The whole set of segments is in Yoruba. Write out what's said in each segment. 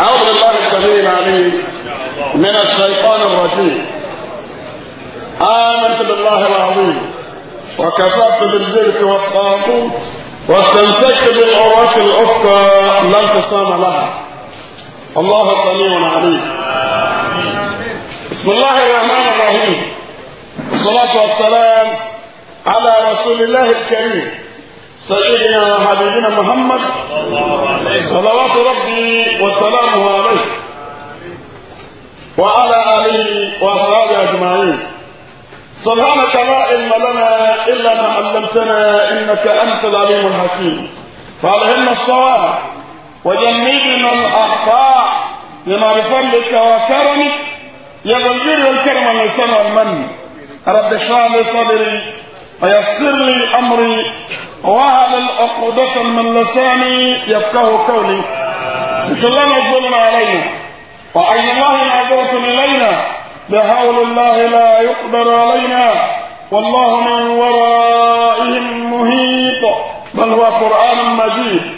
أعوذ بالله السميع العليم من الشيطان الرجيم آمنت بالله العظيم وكفرت بالبرك والطاغوت واستمسكت بالعروة الأخرى لا انقسام لها الله سميع عليم بسم الله الرحمن الرحيم والصلاة والسلام على رسول الله الكريم سيدنا حبيبنا محمد صلوات ربي وسلامه عليه وعلى آله وأصحابه أجمعين سبحانك لا علم لنا إلا ما علمتنا إنك أنت العليم الحكيم فألهمنا الصواب وجنبنا الأخطاء لما بفضلك وكرمك يا ذا الكرم من والإحسان المن رب اشرح لي صدري فيسر لي أمري وهل العقدة من لساني يفقه قولي ست الله مجبول علينا وأي الله نظرت إلينا بحول الله لا يقدر علينا والله من ورائهم مهيط بل هو قرآن مجيد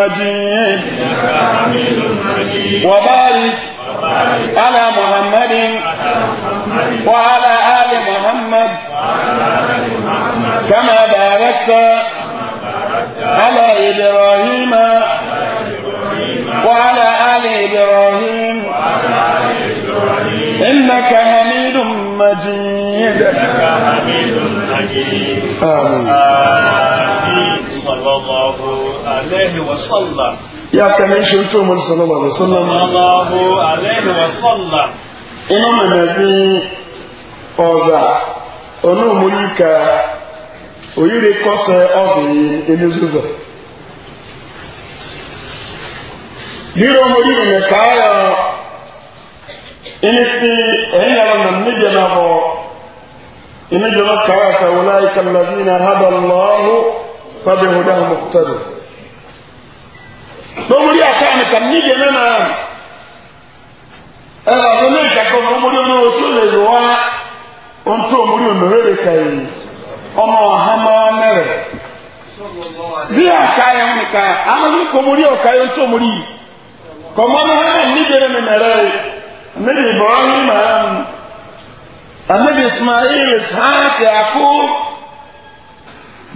مجيد وبارك على محمد وعلى آل محمد كما باركت على إبراهيم وعلى آل إبراهيم إنك حميد مجيد آمين صلى الله عليه وسلم عليه وسلم يا كان شنتو من صلى الله عليه وسلم الله عليه وسلم إنما نبي أوضع أنو مريكا ويري كوسة أوضي إليزوزة Biro muri ne kaya initi ina na mije na bo inije na kaya ka ulaika alladhina hada Allah fa bihudahu muqtadi lórí ẹ̀ka nìkan níbi ẹ̀mẹ́ náà ẹ ọ̀rọ̀ náà ìjàkọ̀ lórí ọ̀nà oṣù lè lò wá ohun tó mórí ọ̀nà rere kàyè amadu kò mórí ọ̀ka yẹn tó mórí kọ̀mọ́nù hẹ́mẹ̀ níbi ẹ̀mẹ́ mẹ́rẹ̀ níbi ìbọ̀rọ̀ ní màá ismail ishaq yaako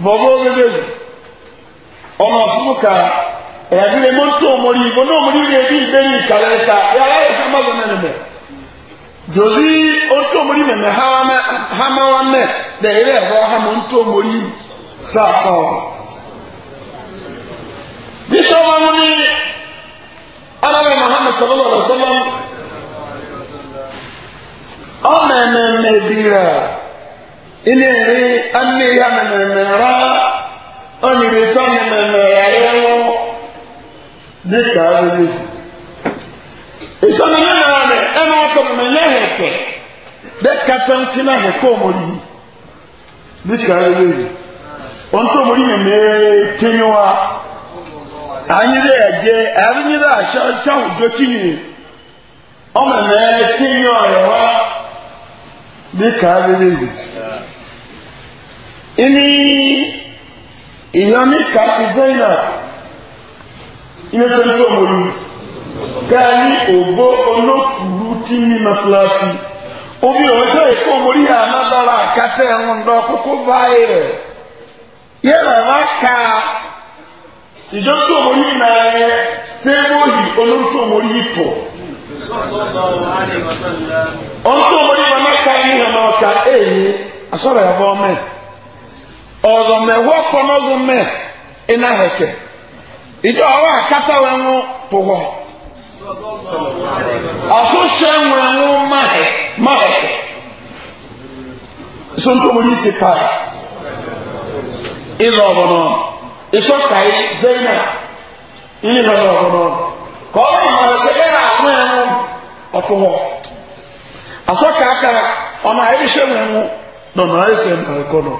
bọ̀bọ̀ gbẹgbẹ ọmọ ọ̀fun kan. ẹ̀yàdílé mọ́ tó mọ́rí ìbò náà mọ́rí ilé bí ìbéèrè ìkàlẹ̀ ẹ̀ta yàrá ẹ̀ta mọ́sọ̀ mẹ́rin mẹ́ jòlí ó tó mọ́rí mẹ́mẹ́ hámáwá mẹ́ lẹ́yìn ẹ̀họ́ hámọ́ ń tó mọ́rí sáfọ́. bíṣọ́ wọn ní arábẹ́ muhammed sallallahu alayhi ọmọ bí kàá ló ní. ìsọ̀nà yẹn na ẹ̀ ẹ̀ máa kọ́ mọ̀ yẹ́ hẹ̀ pẹ̀ bẹ́ kàtà ntí náà hẹ̀ kọ́ ọmọ yìí bí kàá ló ní. wọ́n tó ọmọ yìí yẹn mẹ́ẹ́ tẹ́yìn wa anyi dɛ ɛdze ahyɛ ahyɛwò dɔkyi ni ɔmɛ na. tinyi ɔyɛ wa bi kaa bi bi bi ini ìyá mi kàá ti náà. ina sɛn tó mo yi kaa ní ògbó olókùrú obi ní masalasi omi ò sọ èkó omori yà má dára àkàtà na dọ̀ kókó báyìí na yẹ́rẹ̀ wá ká omori na náà omori omori ìjọ àwọn àkátà wọn ń tó wọ àsúnṣe wọn ń máhẹ máhẹ ìsọ̀ntòmù yìí ti pa ìlọ ọ̀bọ̀nà ìsọ̀kàyí zẹ́yìnà ìlọ ọ̀bọ̀nà kọ́ọ̀rọ̀ ìmọ̀lẹ́gbẹ́ yẹn àwọn ẹ̀rọ ọ̀tọ̀ wọ àsọ̀kà aka ọ̀nà àyẹ̀ṣẹ̀ wọn ń nọ̀nà àyẹ̀ṣẹ̀ wọn ń kọ́ nọ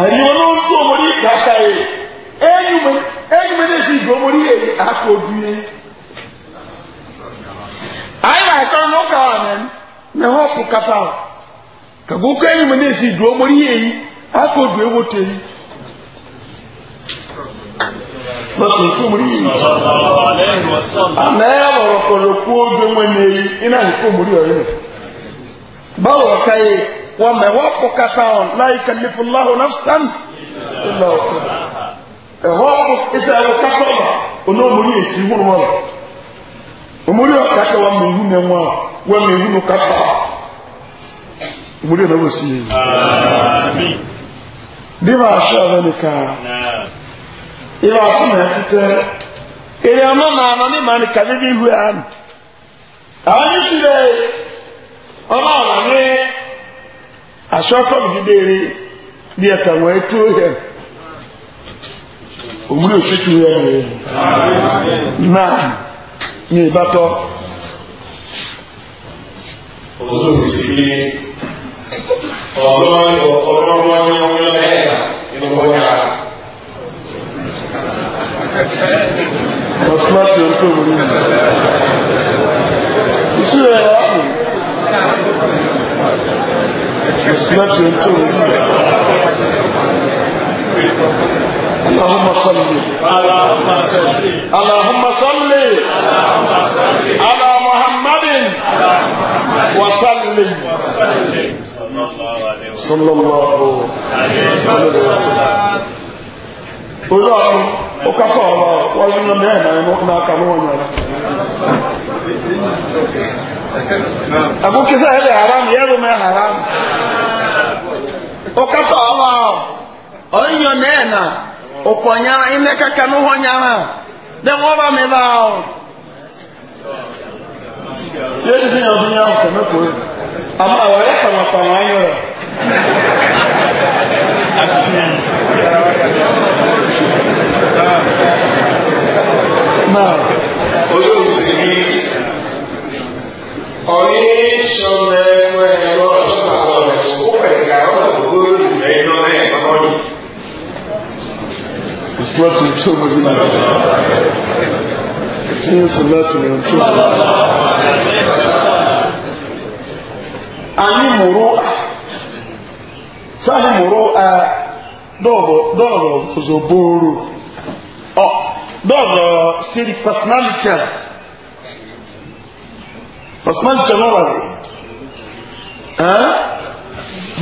àyẹ̀wò ló ń tó wọlé ìgbà ká yìí. enyume enyume n'ezi igwe omori eyi aka odue anyị na-akọrọ n'ụka amen mehe ọpụ kapa kagoko enyume n'ezi igwe omori eyi aka odue woteyi amẹ́rẹ́ ọ̀rọ̀ kọ̀rọ̀ kú ojú wọn na èyí iná ìkó mórí ọ̀rẹ́ rẹ̀ báwo ọ̀ka yìí wọ́n pọ̀ ọ̀n láhùn náà sàn ɛhɔ ɛsɛ ɛwɔ ɔba ɔno ɔmori esi huru ma la ɔmori ɔkaka wa mehu na ɛnwa wa mehu no kaka ɔmori ɔnawo si yi diba ahyɛ ɔbɛ nika ɛyɛ ɔsi na ɛtetɛ ɛyɛ ɔma maana ne maa nika bibi hu ano anyi si dɛ ne ahyɛ ɔtɔ deɛ wɔn ni òṣètò rẹ̀ rẹ̀ náà ní ìbátọ́ ọ̀rọ̀ ọ̀rọ̀ ọ̀rọ̀ ẹ̀yà ìrọ̀wọ̀n yàrá ọ̀sán láti ọ̀rọ̀ tó wọlé ìṣúra ẹ̀yà ápù ọ̀sán láti ọ̀rọ̀ tó wọlé اللهم صل اللهم صل على محمد وسلم صلى الله عليه وسلم olóòrùn ó kápọ̀ ọ̀rọ̀ wọ́n nínú mẹ́ẹ̀mẹ́ ẹ̀mọ́ máa kà wọ́n yàrá àbúkísà ẹ̀lẹ̀ haram yẹ́rù mẹ́ haram ó kápọ̀ ọ̀rọ̀ onyo nena uponyara imeka kanuho nyara de ngoba mebao yesu tinyo tinyo kama ko ama wale kama kama ayo na oyo usini oyi shome mwe ro shoma ro ko pe ga ro sọ́lọ́tù ní tó mọ́rí náà tí ní sọ́lọ́tù ní tó anyị mụrụ sáàmì mụrụ a dọ́ọ̀rọ̀ fòzòbóòrò dọ́ọ̀rọ̀ siri personality personality n'ọrụ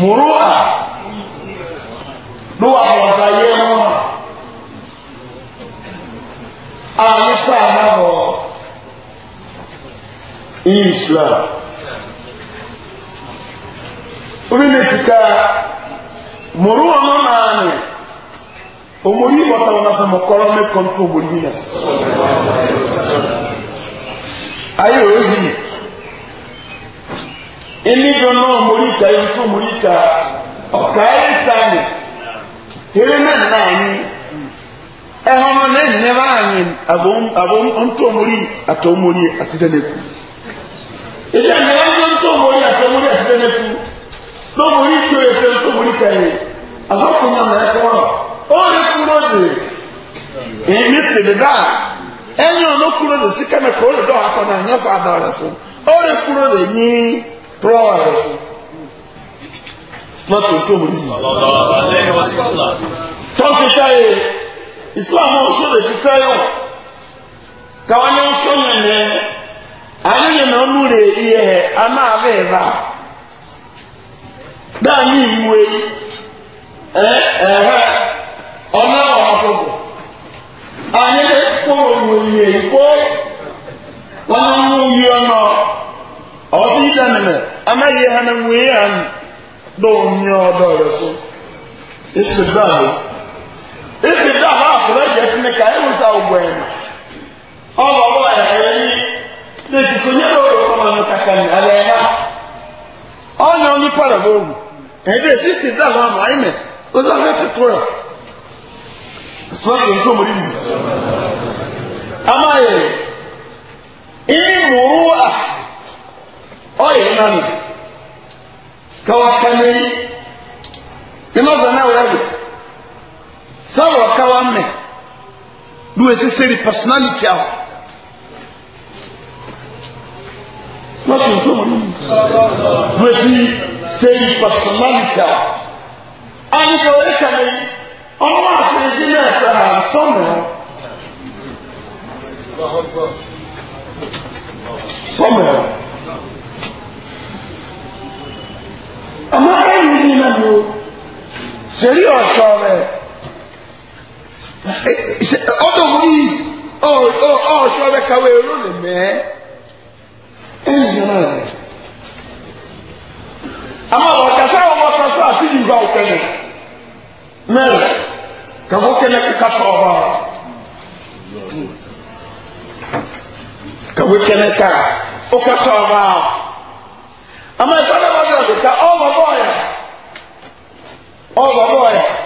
mụrụ a n'ụwa mụrụ ọ̀dà ihe ọrụ alisa anabɔ islam wíwí tìka mòrú ɔmọ nàánì omori bọta wọn asọ mọkọrọ mi kọntu omori mi nà ayé òyìn enigbọn náà omori ka yẹn tó omori ka ọkà ayé sani hẹrẹ náà nàánì. ɛhono ne ne abom abom ntomori atomori atete ne ku ebi a nyɛ ne ntomori atomori atete ne ku ntomori to yɛ ntomori ka yɛ ahɔko na na hɔ ɔne kuro de de da ɛnyɛ ɔno kuro na so ɔne kuro de nyi si tɔnso islam ọ̀ṣọ́ lè fi fẹ́ yọ káwọn anyị ọṣọ yẹn nẹ àwọn yẹn náà nù lè rí ẹ aná abẹ́ ẹ̀ bá dáa ìwú eyi ẹ ẹ̀rẹ́ ọ̀nà ọ̀ṣọ́gbọ̀ àwọn yẹn kó ìwú eyi kó wọn mú yí yẹ so na jẹ́ fún na ká ẹ̀wọ̀n na ògbọ̀ ẹ̀ na ọmọ ẹ̀yẹ ní lẹ́sìkò ní na òkú ọmọ ọmọ kàkà ní alẹ́ ẹ̀yà ọ̀nà ní pàrọ̀bọ̀ òwù ẹ̀dẹ́ sísè dà lọ́wọ́ àmọ́ àyìnbẹ̀ ó lọ́ fẹ́ tuntun rẹ̀ sáwọ ọka wa mẹ lu esisiri personality ahọ lọsọ tó mọ nínú lu esisiri personality ahọ anyigba oye kàlẹ yìí ọmọ àṣírí dín náà ẹ̀ka sọmọ sọmọ ọmọ ayélujára ni o ṣèlú ọ̀ṣọ́ rẹ̀ ọdọ mu ni ọsọ bẹ kawe ẹrọ lè mẹ ama ọkasa ọkasa asi di ba ọkẹlẹ mẹrẹ kàwọ kẹlẹ kíkà tọ ọba kàwé kẹlẹ ká ọkà tọ ọba ama ẹsẹ ọdọ bá dọdọ ká ọba bọọyà ọba bọọyà.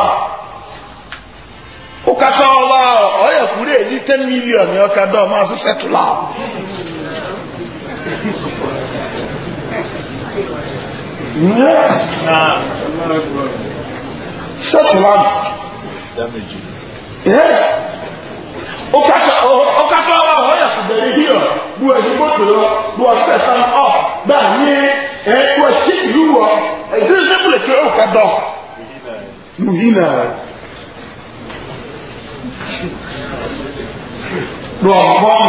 ukata ọba ọyọ kure èyí ten million ọka dọ ọmọ asọ sẹtula sẹtula yes ukata ọba ọyọ kure èyí ọ bu ẹni bọtò lọ bu ọsẹ tán ọ báà ní ẹ bu ẹsẹ ìlú wọ ẹdínlẹ́sẹ̀ fúlẹ̀ kí ọkà dọ nùhínà do ɔgbɔn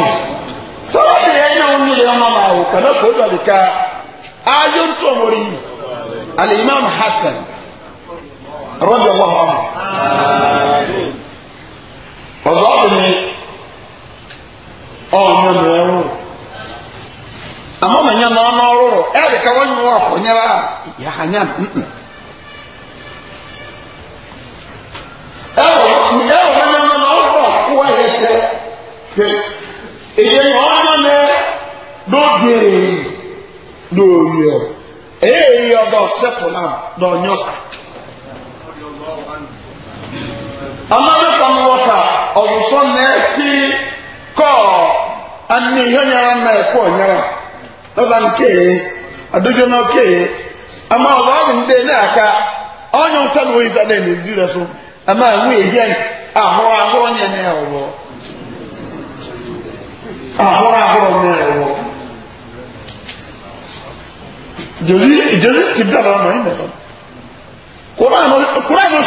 sɔrɔ de yɛ nyɛ wɔn nyere ɔmɔ ma o kana k'o dɔ de ka ayo ntɔmori alimami hasan rɔbi ɔwɔ hɔ ɔzɔ ɔbɛnɛ ɔnyɛ mɛɛwo amɔ ma nyɛ n'ɔnɔ ɔrɔrɔ ɛyɛ ka wɔnyɛ wɔ akɔnyɛra yɛ hanya nn. ẹwọ ẹwọ nana nana ọkọ kó ẹyẹ sẹ pé èyẹ yọ ọdún lóde lórí ọ èyí ọdọ sẹpọ náà lọ nyọsa wọta ọwọsọ ihe kọ ani yọnyara náà kọ nyara lọba nkee adójọ náà ama ọba aka ezi rẹ so. ama ahu ehia ahụrụ ahụrụ onye na ɛwɔ ahụrụ ahụrụ ne ɛwɔ joli joli steve dada ɔmɔ yin bɛ koraa no koraa no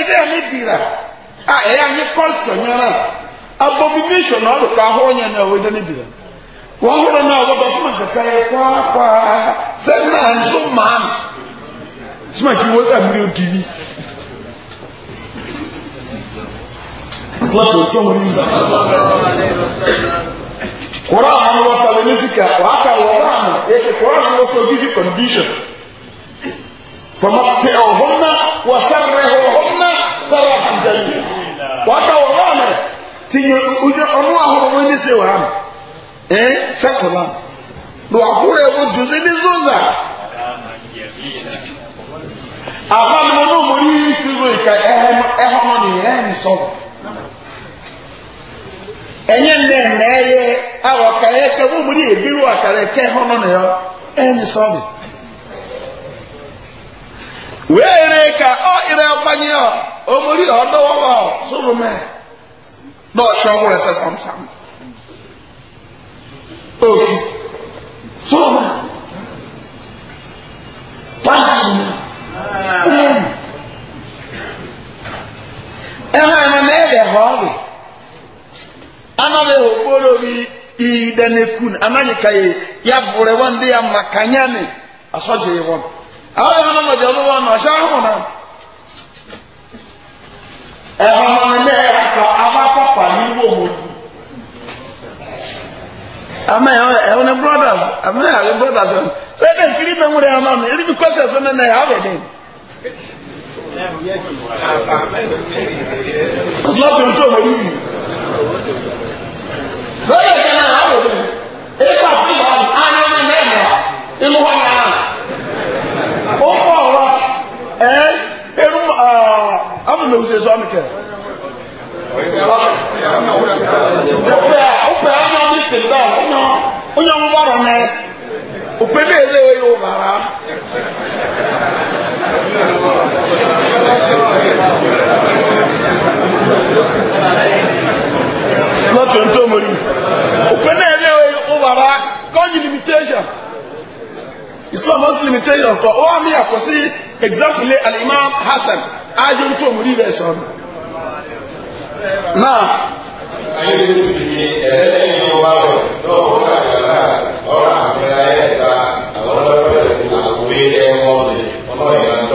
ide a e ya ahe kɔltɔ nyara abomination na ka ahụrụ onye ide na sima kí wọ́n tàbí ní òtù ní kílásì òtún orí ìsà kọ́rọ̀ àwọn ọmọ tàbí ní síkà wà ká wọ́n bá àmà èkè kọ́rọ̀ àwọn ọmọ tó gidi condition fọmọtẹ ọ̀hún náà wà sáré ọ̀hún náà sára àjẹyẹ wà ká wọ́n bá àmà tìnyẹ ọjọ́ ọmọ àwọn ọmọ ní sèwà àmà ẹ sẹ́kọ̀ọ́ náà lọ́wọ́ àkúrẹ́ ẹ̀wọ̀n jù sí ní zọ́zà. àbámu náà mo rí ìṣirò ìka ẹ̀họ́n ní ẹ̀hìn sọ̀rọ̀ ẹ̀yẹ nnẹ̀ nẹ́ẹ̀yẹ awọ kẹ̀yẹ kẹ́ mo mo ìbírú àkàrà ẹ̀kẹ́ ẹ̀họ́n ẹ̀hìn ka ọ ìrẹ ọgbanyẹ ọ náà ọ̀ṣọ́ òfin ɛha ma na ɛbɛ hɔɔwe ama amaghị hɔ kporo bi ka ya bore wɔn ndị ya maka kanya ne asɔgye ye ahụ awo yɛ hɔn ɔdi na ɔhyɛ ahoɔ na ɛha ma na ɛyɛ akɔ aba papa ama ne ama nkiri nwere ama na ọlọ́pìn tó mọ̀ yìí lọ́yẹ̀ ṣe náà àwọn òbí ẹ̀kọ́ àfihàn ọ̀hún ányá ní mẹ́rin inú wọn yára ó pọ̀ ọ̀rọ̀ ẹ̀ ẹ̀rú amúnà òṣè sọ́mi kẹ̀. ọ̀pẹ̀ ọ̀pẹ̀ ọ̀nyọ́ ní sèǹdà ọ̀nyọ́ ọ̀nyọ́ ń wọ̀rọ̀ mẹ́ ọ̀pẹ̀ bẹ́ẹ̀ lé yóò bàrà. lọ́tún tó mú rí òpin náà ilé òwàrá kọ́yí limitation islam has limitation kọ́ ó wà ní àpọ̀ sí example alimam hasan ajé tó mú rí bẹ́ẹ̀ sọ́nù náà ayé sì ni ẹ̀ẹ́dẹ́gbẹ̀rún wà lọ lọ́wọ́ kàkàrà ọ̀rọ̀ àpẹẹrẹ ẹ̀ka àwọn ọlọ́pẹ̀rẹ̀ àkùrẹ́ ẹ̀wọ̀n ọ̀sẹ̀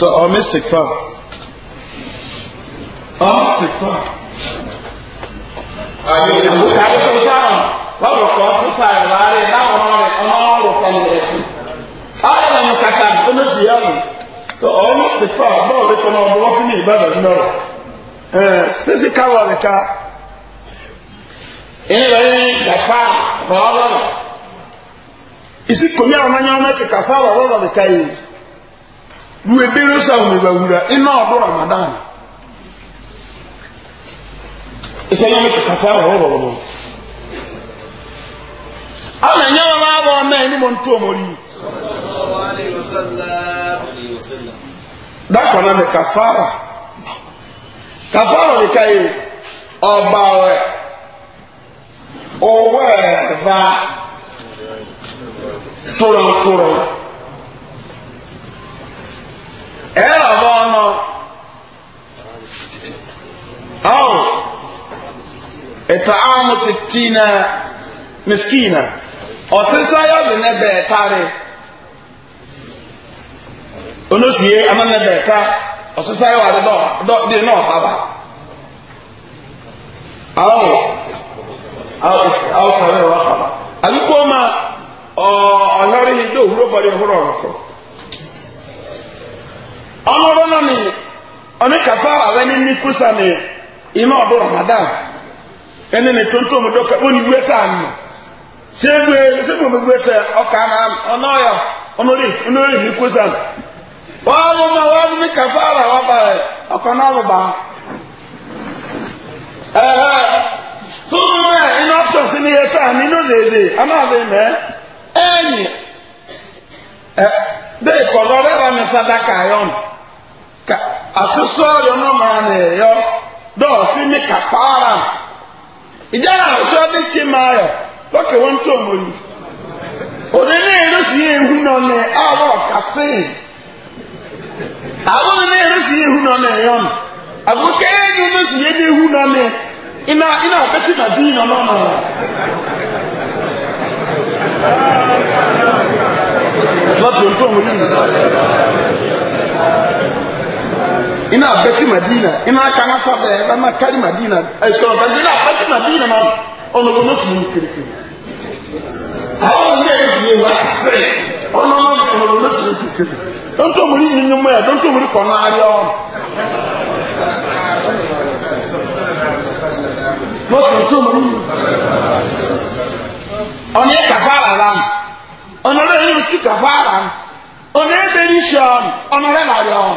to ọmọ istikfa ọmọ istikfa ayé ìlú kàwé sáà wọn kò kọ sísá ìwárí láwọn ọmọ rẹ ọmọ ọrùn kẹlẹ rẹ sí ọmọ ẹni kàkà ọmọ sì yá mi to ọmọ istikfa bọ́ọ̀ rẹ kọ́ náà ọmọ wọn fún mi ìbàdàn náà ẹ sísí káwọ rẹ ká ẹni rẹ ní gàfà rọ ọlọrọ ìsìkò ní àwọn ọmọ ẹni kàkà fáwọn ọlọrọ rẹ ká yìí. ruebere sa umebawura ina ọdụ ramadan ịsanye mepụtata ahụ ọrụ ọrụ a na-enye nwa agha ọma enugbo ntụ omori dakwana mi kafara kafara ni ka yi ọba ọwẹ tụrụ tụrụ ẹ̀rọ ọ̀bọ̀ ọmọ ọ̀hún ẹ̀tà àwọn sìtìnà mẹ́sìkìnà ọ̀tísáyọ̀ lè nẹ́bẹ̀ ẹ̀ta rẹ̀ onosuye amanẹ́bẹ̀ ẹ̀ta ọ̀tísáyọ̀ wà dé náà bàbà àwọn àwọn kọ̀ọ̀rẹ́ wà kọ̀ọ̀rẹ́ àbíkó ma ọ̀ọ́lọ́rí dóòwúrọ̀ bọ́lẹ̀ ọ̀húrọ̀ ọ̀rọ̀ kọ̀ọ̀rọ̀ ọmọdé náà ni oníkàfà àwọn ẹni ni ní tuntun mọdọkà ó ní wíwẹ tá a nù ṣé ewu ẹ ṣé mo wíwẹ tẹ ọkà náà ọ̀nà ọ̀yọ̀ ọ̀nàlì ọ̀nàlì ní kúsà ni wọ́n mú e, ma wọ́n mú kàfà ọba rẹ ẹ Eh, bẹ́ẹ̀ kọ̀dọ̀ rẹ́bà mi sadaka yọ̀n àṣìṣọ́ yọ̀nà máa nà ẹ̀yọ́ dọ́ọ̀sí mi kàfàrà ìjà àṣọ ní tí máa yọ̀ lókè wọ́n tó mọ̀ yìí òde ní èrò sí ihu nọ àwọn ní ihu nọ nà ẹ̀yọ́n àgùkẹ́ ẹ̀yọ́ ní sì ihu nọ nà iná iná ọ̀pẹ́tì láti ohun tó ń wọlé yìí ina abeti madina ina aka na kɔ bɛɛ bɛ ma kari madina ɛsikɔrɔ bɛɛ ina abeti madina ma ɔnɔ bɛ n'osu mu kirikiri awo ne yɛ fi ye wa se ɔnɔ ma ɔnɔ bɛ n'osu mu kirikiri dɔntɔ mu ni nyinyɔn mu yɛ dɔntɔ mu ni kɔnɔ ayɛ ɔn n'osu mu ni ɔn yɛ kafa ara mu ọ̀nàrẹ́ yìí sí kàfàrà ọ̀nà ẹgbẹ́ ní ṣọ́ọ̀n ọ̀nàrẹ́ làrí ọ̀n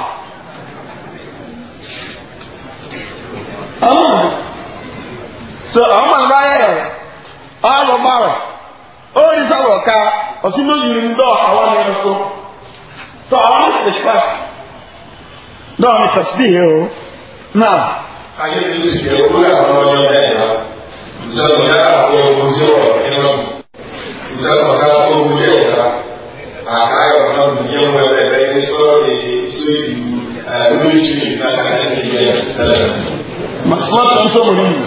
ọmọ so ọmọ nípa ayẹyẹ rẹ ọmọ bá rẹ ó rí sáwọ ká ọsùn ló yìí ń dọ àwọn ẹni tó tọ ọmọ sì fẹ náà mi tẹsibí yìí o náà. ayé ti ṣe ìwé àwọn ọmọ yẹn náà sọ ìyá àwọn ohun tí wọn ń lọ ìsọ̀kọ̀tà owó ilé ẹ̀ka àkáyọ̀ náà nìyẹn wọ ẹ̀rẹ́ ní sọ́ọ̀rì tó ìlú lójú ìgbà kàkàtì ilẹ̀ tẹ̀lẹ̀. Màsílátà ń tọ́mọ̀ nínú.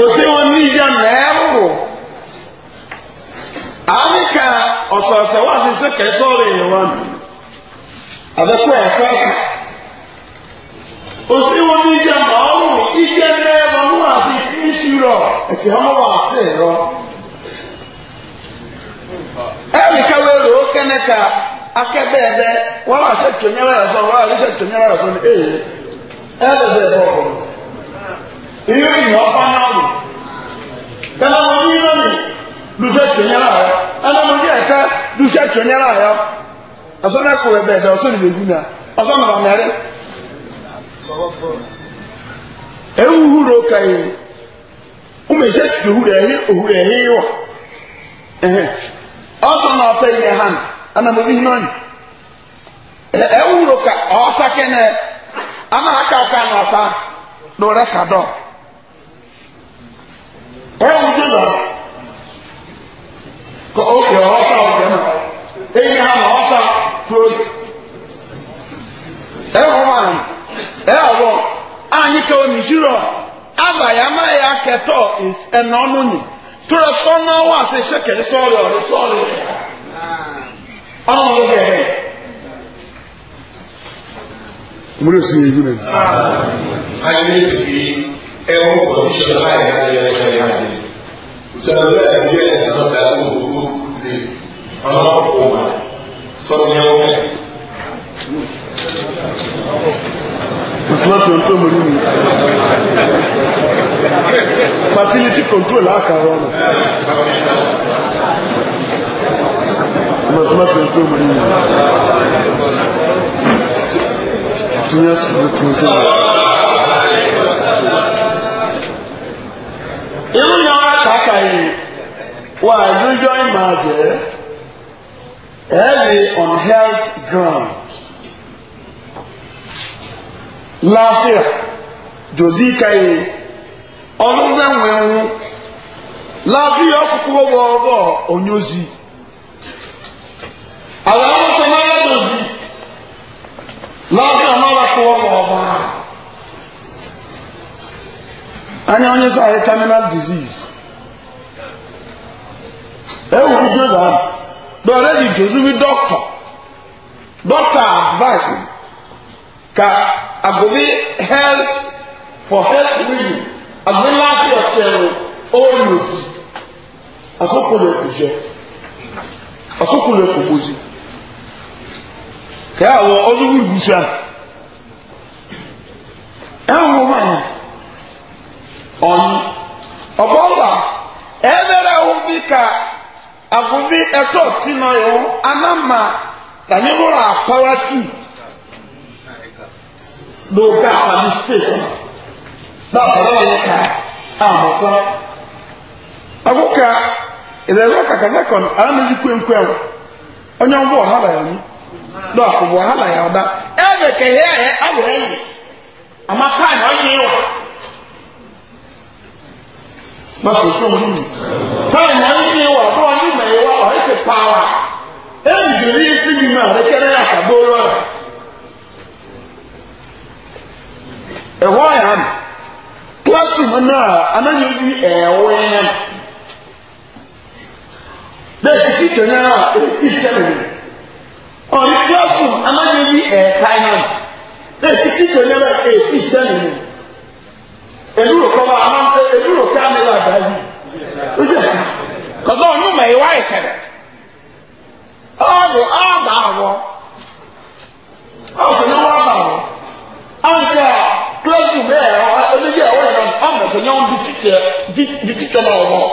Òsè wọn ní ìyá mẹ́rù. Àníkà ọ̀sọ̀ọ̀sẹ̀ wá sí sẹ́kẹ̀ sọ́ọ̀rì ìwọ̀n. Àbẹ̀kọ̀ ẹ̀kọ́ ẹ̀ka. Òsè wọn ní ìyá mẹ́rù iṣẹ́ mẹ́rù yúrọ ẹ̀kẹ́ ọmọ wa sí ẹ̀rọ ẹ̀mí káwé rò ó kẹ́nẹ́ka akẹ́bẹ́ ẹ̀bẹ́ wọ́n wá ṣe tó nyẹ́rẹ́ ẹ̀sọ́ wọ́n wá ṣe tó nyẹ́rẹ́ ẹ̀sọ́ ní èyí ẹ̀bẹ̀bẹ̀ ẹ̀bọ̀ ọ̀rọ̀ ìyó ìyàn ọ̀pá náà lò bẹ́ẹ̀ ní yúrọ ní lùfẹ́ tó nyẹ́rẹ́ ayọ́ ẹ̀nà mo ní ẹ̀kẹ́ lùfẹ́ tó nyẹ́rẹ́ ayọ́ ẹ̀sọ́ náà kò ẹ̀bẹ̀ ẹ̀bẹ̀ ọ̀sọ́ nìbẹ̀ gúnà ọ̀sọ́ nàbàmẹ́rẹ́ ewúhúrò kàyé umesha tutuhure hii uhure hiyo ehe asa na ata ile han ana mudhi nani euro e ka ata kene ama aka ka na ata do re ka do ko mudhi do ko o ke ata o ke na ile han ata to e ho ma na e awo anyi ka o e mi shiro e ava ya ma ya kɛtɔ ɛna ɔno nyi tura sɔma wa se se kɛ sɔɔri ɔdi sɔɔri ɔno ɔno bɛ yɛ. mo de sin yeju nani. ayi ne sigi ɛwɔ kɔnjisɛ ayi ayi ayi ayi ayi sɛbɛn yɛ bi yɛ nana bɛ a ko ko le ɔno ɔma sɔnyɛwɔ mɛ. ìsúnmọ́tò tó mú ní fertility control àkàrọ̀ ọ̀nà ìsúnmọ́tò tó mú ní junior school principal. irú ni wọn kàkà yìí wà lójọ́ ìmọ̀ àjẹ́ ẹ̀ẹ́lì on health grounds. laafia jozi kayi ọdụndụ enwenwu laafia ọkụkụ ụgbọ ọgbọ onyozi ala akwụkwọ n'anya dozi laafia n'ọlakụ ụgbọ ọgbọ anya onye sọ anyị terminal disease ewu ndị ụgbọ ahụ dọrọ eji jozi wi dọkịta dọkịta advice ka agobi health for health reason agobi láti ọ̀tẹ̀rù olùsì asókòlè kùjẹ asókòlè kùgbòsì kẹ́ àwọn ọdún ìgbùsà ẹ̀wọ̀n máa ọ̀nì ọ̀bọ̀wà ẹ̀mẹ́rẹ̀ ọ̀hún bí ka agobi ẹ̀tọ́ tí náà yọ̀ ọ́n anamá tàní rọra àpáwá tù. ló gbà pàdé space náà ọ̀rọ̀ wọn kà àmọ̀ sọ. Akwụka ìdẹ̀rẹ̀ kàkàsẹ̀ kọ̀ àrà kwe nkwe ọ̀ onye ọhala ya nri dọ̀ àkụbụ ọhala ya ọda ebe kehie ya awụ eyi ama paanị ọnyị ịwa. nyi. ịwa ɛhɔ ayɛ ano classroom no a ananyɛ bi ɛɛwɔ yɛn na ɛti titɛ no a ɛti titɛ no ɔne classroom ananyɛ bi ɛɛta yɛn na ɛti titɛ no a ɛti titɛ no ɛduro kɔba ama ɛduro kaa ne ba daa yi ɔdze kɔba ɔno ma ɛwɔ ayɛ kɛlɛ ɔɔdo ɔɔba awɔ ɔɔdo na ɔɔba awɔ anka. classroom ẹ̀ ẹlẹ́yẹ ẹ̀ ọ̀yẹ̀ náà ọmọ ọ̀sẹ̀ yẹn di títẹ̀ di títẹ̀ náà wọ̀.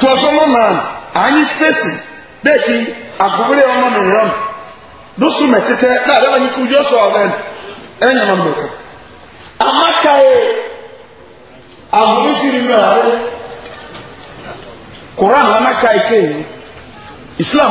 Tọ́sọ́mọ́ náà anyi spacing bẹ́ẹ̀ kí agbóhùrẹ́ ọmọ mi yẹn lóṣù mẹ́tẹ́tẹ́ náà bẹ́ẹ̀ ni kí ojú ọ̀sọ̀ ọ̀rẹ́ ẹ̀ ẹ̀ yẹn mẹ́ka. Amaka siri mi àárẹ̀ Koran amaka Islam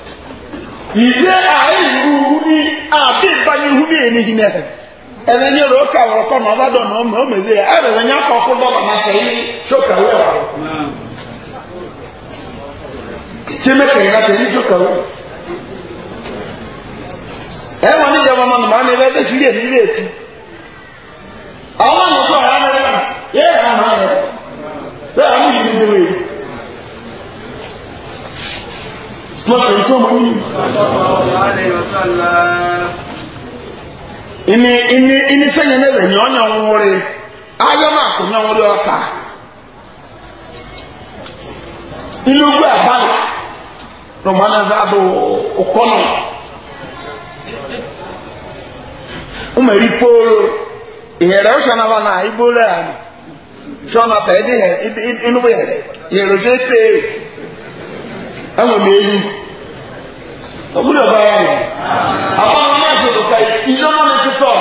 yìí àìrúhu ní àbíbáyéhu ní ènìyàn náà ẹ̀rẹ́ ní ọ̀rọ̀ ọ̀kà ọ̀rọ̀ kọ́ náà ọ̀dọ́ náà ọmọ ọmọ ẹ̀dẹ́ ẹ̀rẹ́ rẹ̀ ní akọ ọkọ dọ́là náà sẹ́yìn ní ṣókàwé ọ̀rọ̀ tí mẹ́kẹ̀ yìí láti ní ṣókàwé ẹ̀ wọ́n ní ìjọba ọmọ nàbà ní ẹgbẹ́ sílé ní ilé ètí àwọn ọmọ nìkan ọ̀rọ̀ slọ́ṣẹ̀ ìtú ọmọ yìí ìní ìní ìní sẹ́yìn ní ẹ̀rẹ̀ ní ọ̀nyà wúrí ayọ́ náà kò ní ọ̀wúrí ọ̀tà inú gbé àbáyé rọmọdéza na ọkọ́nà ọmọ èrí pòórò ìhẹ̀rẹ̀ ọ̀ṣọ́ náà wà enwere ehi ọmọdé ọba ya nù àpamọ́ náà ṣe ị ìjọ náà ní títọ̀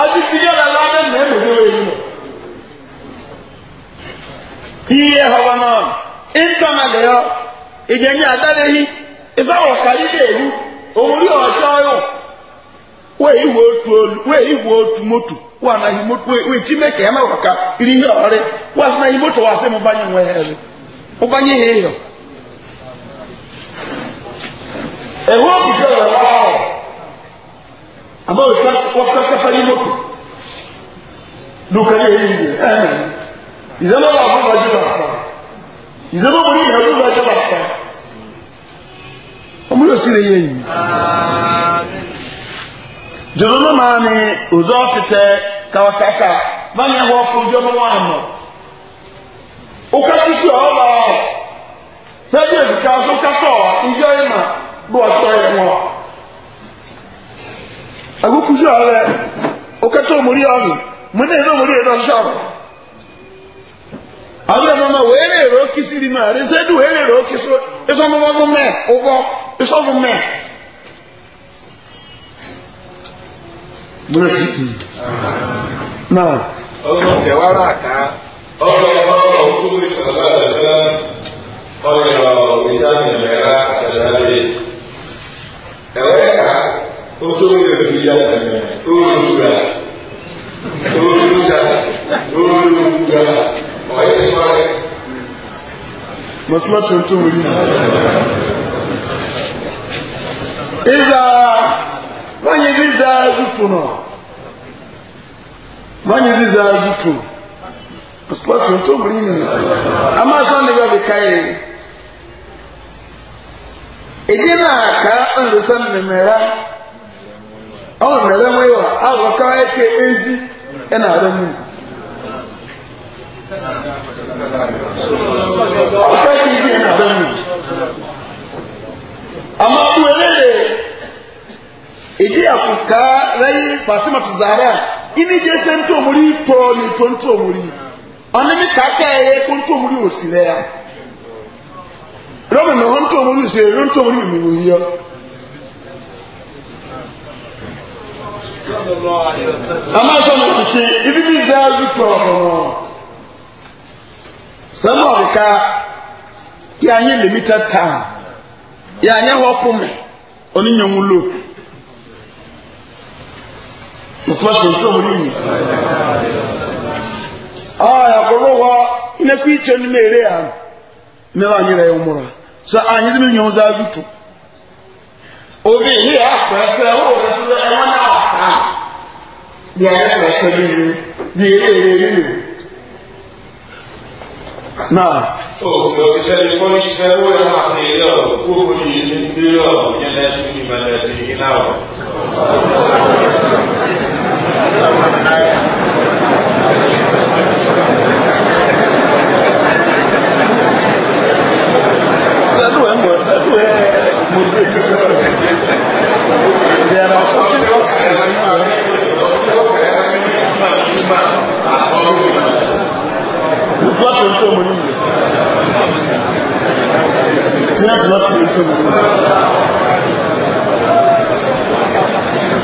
àti ìpínlẹ̀ lọ́la bẹ́ẹ̀ ní ẹ̀mọ̀ iye náà lẹ́yọ otu mọ́tò wà náà mọ́tò wẹ́ẹ̀ tí ká rí ihe ọ̀rẹ́ wà sí mọ́tò mo bá yẹn ẹ̀wọ́ òkùnkùn rẹ̀ wáwọ̀ àmọ́ òkùnkùn kẹfẹ́ ní lókè lókè yẹ yìí yìí ẹ̀mẹ̀ ìzẹ́mọ́ wà fún ọjọ́ bàtà ìzẹ́mọ́ wọ́n yìí ẹ̀rú ọjọ́ bàtà ọmọ yóò sì rẹ̀ yẹ yìí. jòdòdó máa ní òzò tètè kàwákàkà báyìí ẹ̀wọ́ fún ọjọ́ wà mọ́ òkà ṣíṣú ọ̀ sẹ́yìn èdè kan tó ìjọ ìmọ̀ do ɔsɔ yɛ ŋɔ agokusi ɔlɛ okɛtɛ omori ɔnu mu ne yɛrɛ omori yɛrɛ ɔsɔ ɔlɛ mama wo ere ero kisi ri ma ɛsɛ du ere ero kisi esɔmɔmɔ mɛ ɔbɔ esɔfo mɛ múlẹ̀ sí i. náà. ọlọ́run kẹwàá rà ká ọ̀rọ̀ ọlọ́run ojú ìṣọ̀lá ẹ̀sán ọ̀rọ̀ ìṣàmìlẹ̀ rà àtẹ̀sálẹ̀ ẹ̀wẹ́ ká ó tó ń yẹ ìlú yá ìgbàgbọ́ ó ń lura ó ń lura ó ń lura ọ̀yẹ́ ìmọ̀lẹ́. mọ̀sùmọ́ tuntun mi rí. ìzà wọ́n yẹ ìzà tuntun náà wọ́n yẹ ìzà tuntun mọ̀sùmọ́ tuntun mi rí nìyẹn. a máa sọ nígbà bí káyé. eji na-aka nrụsa mmemmera ọ mere nwa ịwa agwọkawa eke ezi na-arụ mụ amma kuwelele eji afuka fatima tuzara ini je se ntomori to ne to ntomori ọni mi kaka ẹyẹ ko ntomori ya. dọ́mọ̀ náà wọ́n tó ọmọ ní ìṣe eré tó ọmọ ní ìmìwò yíyá ama sọmọ kìkì ibi bí ìdá zùtọ̀ ọ̀hún sẹ́mu ọ̀ríkà yà á nyẹ limited time yà á nyẹ họ́ kùmẹ̀ onínyẹ̀wúlò nkuma sọ tó ọmọ ní ìyí. ọ̀ yà kúrò wọ inekú ìtẹ́ ni mèrè yà mẹ́wàá nyẹrẹ yẹ wọ́n mọ́ra sɛ anyi ah, mi nyɔn zaa zutu obi yi yɛ akpɛkpɛ wo o ti sɛ ɛwɔ na ɔka deɛ yɛ kpɛkpɛ bi ni deɛ yɛ yɛ yɛ yɛ na. o sọ sẹni kọ́ ní sẹ wo yẹ máa ṣe lọ kó o ní ní dé lọ yẹn lẹ sí ní ma lẹ sí ní náà. sẹ́lú ẹ̀ mọ̀ sẹ́lú ẹ̀ mo dé tó ń sọ. There are certain offices in our It's not in trouble. Tears not in trouble.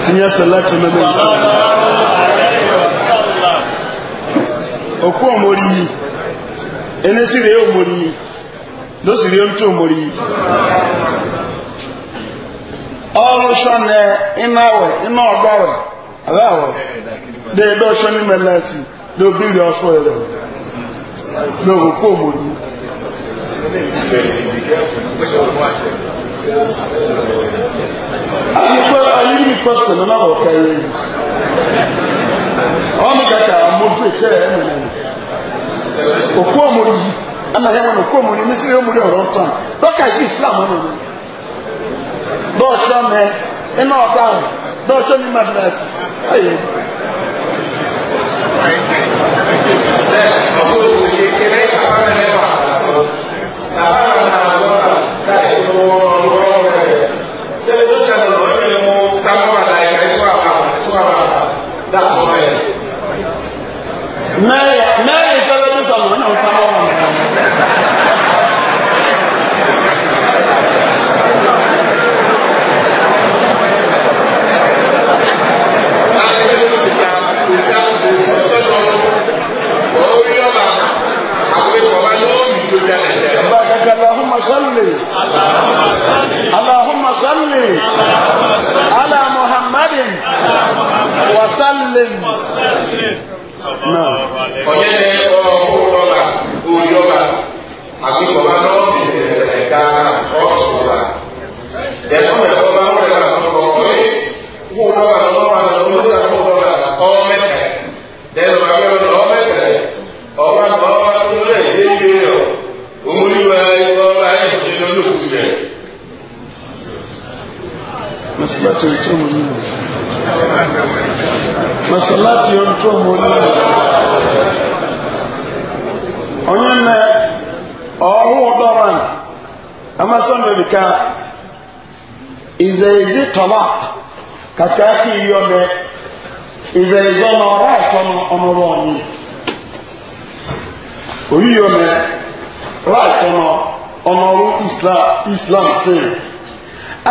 Tears a lot in the Okuomori, ẹni sí rèé omori yìí. lóṣìírí ohun tó mórí ọrùn sọ́nẹ iná ọ̀wẹ̀ iná ọ̀gbọ̀wẹ̀ àbẹ́wọ̀ déédọ́ sọ́ni mẹ́lẹ́sì lóbìrì ọ̀ṣọ́ ẹ̀rọ lóòrùn kó mórí. Ayíkọ́ ayé mi kọ́ sẹ̀lú náà wọ̀ ká yé yìí. Ọ̀nù kàkà àmójú ìkẹ́ ẹ̀ ẹ̀ nìyẹn. Òkú yìí. ana yẹn wọn kó mu ní misiri yóò mu ní ọ̀rọ̀ tán dọ́kà yìí islam ọ̀nà mi dọ́ọ̀ṣọ́ mẹ iná ọ̀dà ọ̀ dọ́ọ̀ṣọ́ ní madrasi ayé. صل اللهم صل على محمد وسلم نعم ọjọ́ ẹ̀kọ́ ọ̀hún rọ́bà ojú ọba àkíkọ̀ọ́ bá náà masalati ntɔ mu ni masalati ntɔ mu ni onye mme ɔhụụ dɔran amasɔndoli ka izeizi tɔla kaka ka iyi ɔbɛ izeizi ɔnɔ ɔra ɛtɔ no ɔnɔ ɔrɔ ɔnyi oyi ɔmɛ ɔra ɛtɔ no ɔnɔ ɔrɔ islam islam sèé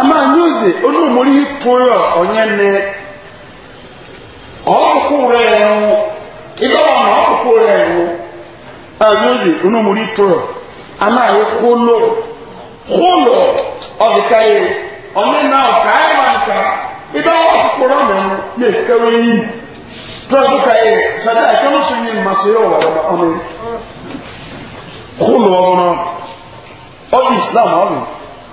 ama nyuze onu omori toyo onyene okurewo ibawa na okurewo anyuze onu omori toyo ama ye kolo kolo ọdikaye ọmọnà ọkà ẹwànkà ibawa okukoro mẹnu ní esikawo yi tọ́sí kaye sọdá ẹ̀kọ́ sọ yìí mmasọ yóò wà ọmọ ọmọ kolo ọmọ ọmọ islam ọmọ.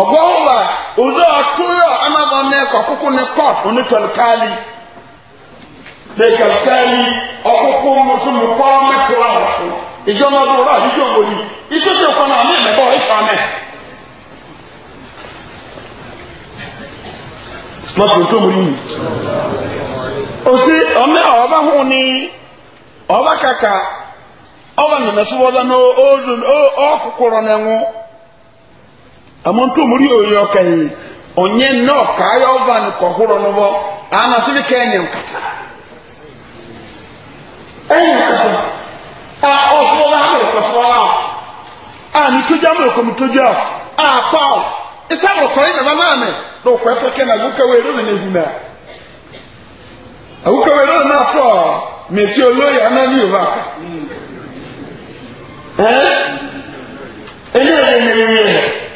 ọgbọ́wọ́wà ojú ọ̀túnyọ̀ anábọ̀ ní ẹ̀kọ́ kúkú ní kọ́ọ̀t onítọ̀lùkálí lẹ́kẹ̀lùkálí ọkùnkùn mùsùlùmí kọ́ mẹ́tò àwọ̀sù ìjọba ọdún ọ̀rọ̀ àdúgbò wòlí ìṣòṣe ọkọ̀ náà ní ìmẹ̀bọ̀ ìṣàmẹ̀. lọ́tún tó mú òsì ọmọ ọba hùn ní ọba kàkà ọba náà amuntu muri oyo kai onye no kayo van ko huro no bo ana sibi kenye mkata a oswo na ha ko so na a ni tuja mo ko mtuja a pa isa mo ko ina na me do ko to ke na buka we ro ne huna a buka we ro na to monsieur loya na ni ba ka eh ele ele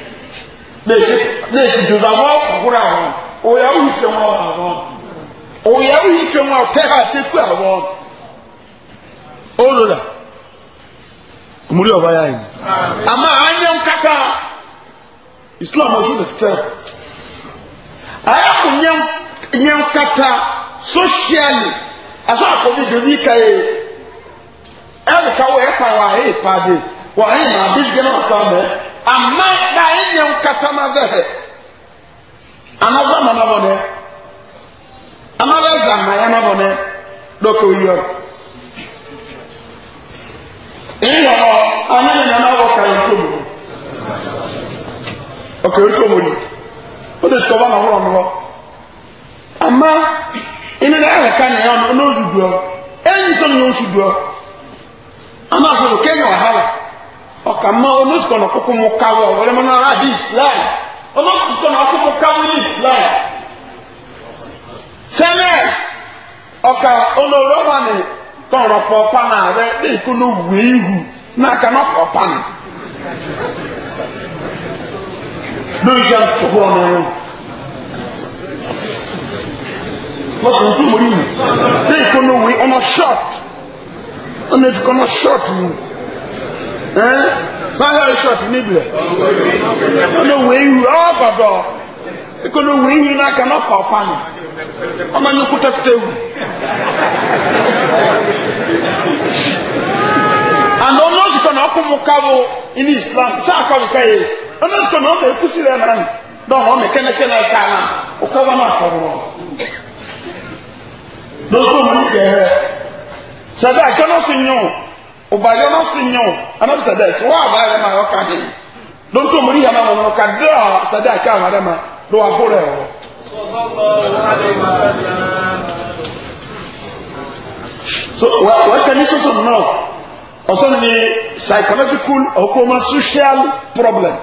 n'ekyidwo n'abɔ ahoro ahoro oya oyi twɛm ahoro oya oyi twɛm ahoro tɛ ha teku ahoro olola omuli ɔba ya yi ama anya nkata islam ɔso de tɛ ayako nya nkata socially aso akɔbi dobi ka ye ɛbi ka wɔ ɛpa wɔ ahe pa de. wàhìn náà na náà kàn na àmà náà ẹ̀yẹ nkata náà bẹ́ẹ̀ anáfà máa náà ma dẹ́ anáfà ẹ̀zà máa yá náà bọ̀ dẹ́ dọ́kọ̀ yìí ọ̀ ìyọ̀ anáyẹ̀ náà náà wọ̀ ká yẹn mu ọkọ̀ yẹn na mu ama na osu ọkàmọ onísùkọ̀nà kúkú mu káwọ wọlé mọ́nà ara di islam onísùkọ̀nà kúkú mu káwọ ní islam sẹ́lẹ̀ ọkà olóró wà ní tọ̀rọ̀ pọ̀ pánà rẹ ní ìkúnú wíìhù náà kàná pọ̀ pánà lórí iṣẹ́ òfú ọmọ wọn lọ́sùn tún mọ́ yìí ní ìkúnú wíì ọmọ short ọmọ ìdíkọ́nà short wù. sáhẹ́ ìṣọ́t níbi ẹ̀ ọ̀nà òwe ihu ọ̀bọ̀dọ̀ ẹ̀kọ́ ní òwe ihu náà ọ̀pá nù ọmọ ní kútẹ́kútẹ́ wù. àná ọlọ́sùkọ̀ náà kún mu káwọ́ islam sáà kọ́ mu káyé ọlọ́sùkọ̀ náà ọmọ ẹ̀kú sílẹ̀ mìíràn dọ́ọ̀nù ọmọ ẹ̀kẹ́nẹ́kẹ́ náà ká náà ọkọ̀ náà kọ̀ wọ́n. lọ́sọ̀ kẹ́ ọbaayọ náà sùn yẹn o anabi sadaki wọn àbá ẹrẹ máa ọkà dé lóńtò mọ níyàmá wọn náà ọkà dé ọ sadaki àwọn ẹrẹ máa lọ wà bọrọ ẹ wọ. so wọ́n kàn ní sísun náà ọ̀sán ni psychological ọkọọmọ social problem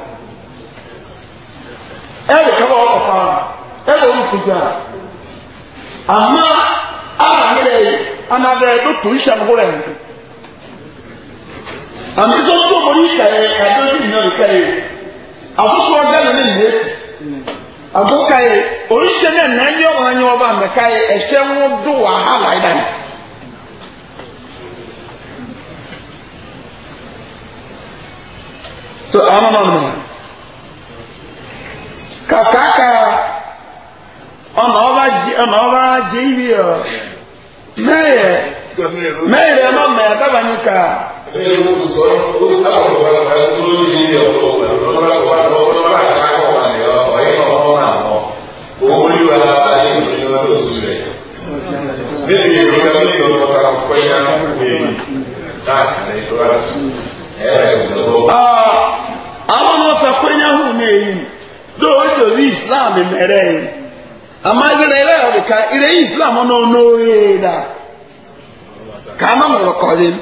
ẹ wò kọ́ ọ ọ̀pá ẹ wò ó tìjà àmọ́ àwọn ẹ̀rẹ́ yìí anadẹ́ ló tó ìṣàmúhóró ẹ̀ ń àmì sọ tó mo ní kẹyẹ ẹjọ sí ìnáwó kẹyẹ àtúnṣe ọjà lónìí ní èsì àtúnkẹyẹ oríṣiríṣi náà nàányẹ ọmọ nàányẹ ọba àmẹkáyẹ ẹṣẹ wọn dùn wàhálà ẹdá yìí. so ama ma ɔno kakaaka ɔna ɔba gye ɔna ɔba gye yi bi ɔ mɛyɛ mɛyɛ dɛ ɛma mɛyɛ daba ẹni wo kò sọ ó láwọn ọ̀gá ọ̀gá tó ló yé ilé ọ̀pọ̀ ọ̀gá ọ̀gá ọ̀gá àti akọ̀ wà ní ọ̀yẹ́ ọ̀gá náà mọ̀ òun ní wà láyé ìròyìn wọn ló sùn rẹ̀. Bẹ́ẹ̀ni ìròyìn wọn ní ìròyìn ọ̀gá ọ̀pọ̀ ẹ̀yà wẹ̀yìn láàrin ìrora ẹ̀rọ ìgbàlọ́wọ́. Àwọn ọmọ fẹ̀kọ́nyá hù ní èyí lóòjò rí Islam mẹ́rẹ̀ yìí. Àmọ́ ìrẹ̀ ìrẹ̀ ọ̀dìkà ìrẹ̀ Islam náà ní òye dà. Kàmá mọ̀rọ̀ kọ́lé ni.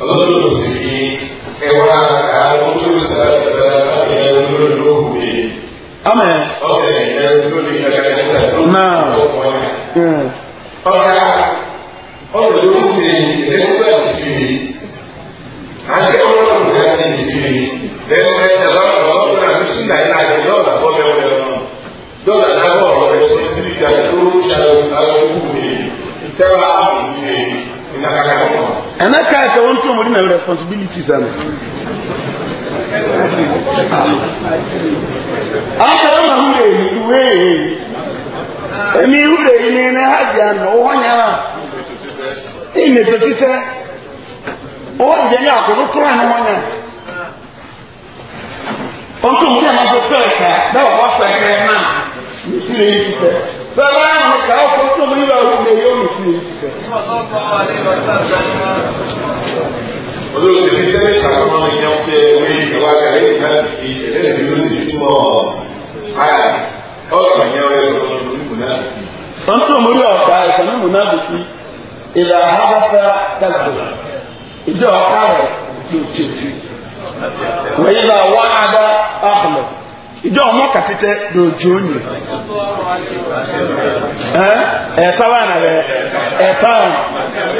ọlọ́dọ̀ sí ẹwà And that guy can want to more my responsibilities and after I'm a hule way emi hule ime na ha bịa na ụwa nyara imetụtụte ụwa njem ya akụrụ tụrụ anyị nwanyị ọtụ mgbe na-amasị pẹkẹ na ọgba pẹkẹ na bẹ́ẹ̀ ni ká ọkọ̀ tó mú nílò àwọn ilé yóò lùtí èyí ti bẹ̀. olóòtú ti sẹ́yìn sàkóso ní ẹ̀yàn ṣe wí ìwà kàlẹ́ ìgbà ìtẹ̀lẹ́ ìlú ní ìtumọ̀ àyà ọ̀rọ̀ ìyẹn ọ̀rẹ́ ọ̀rọ̀ ìlú náà. wọ́n tún mú ní ọ̀gá ìsàmì múná bìkí ìlà àhábáfẹ́ ìjọ ọmọ kàtítẹ lójú ònyè ẹ ẹta wà nà bẹ ẹta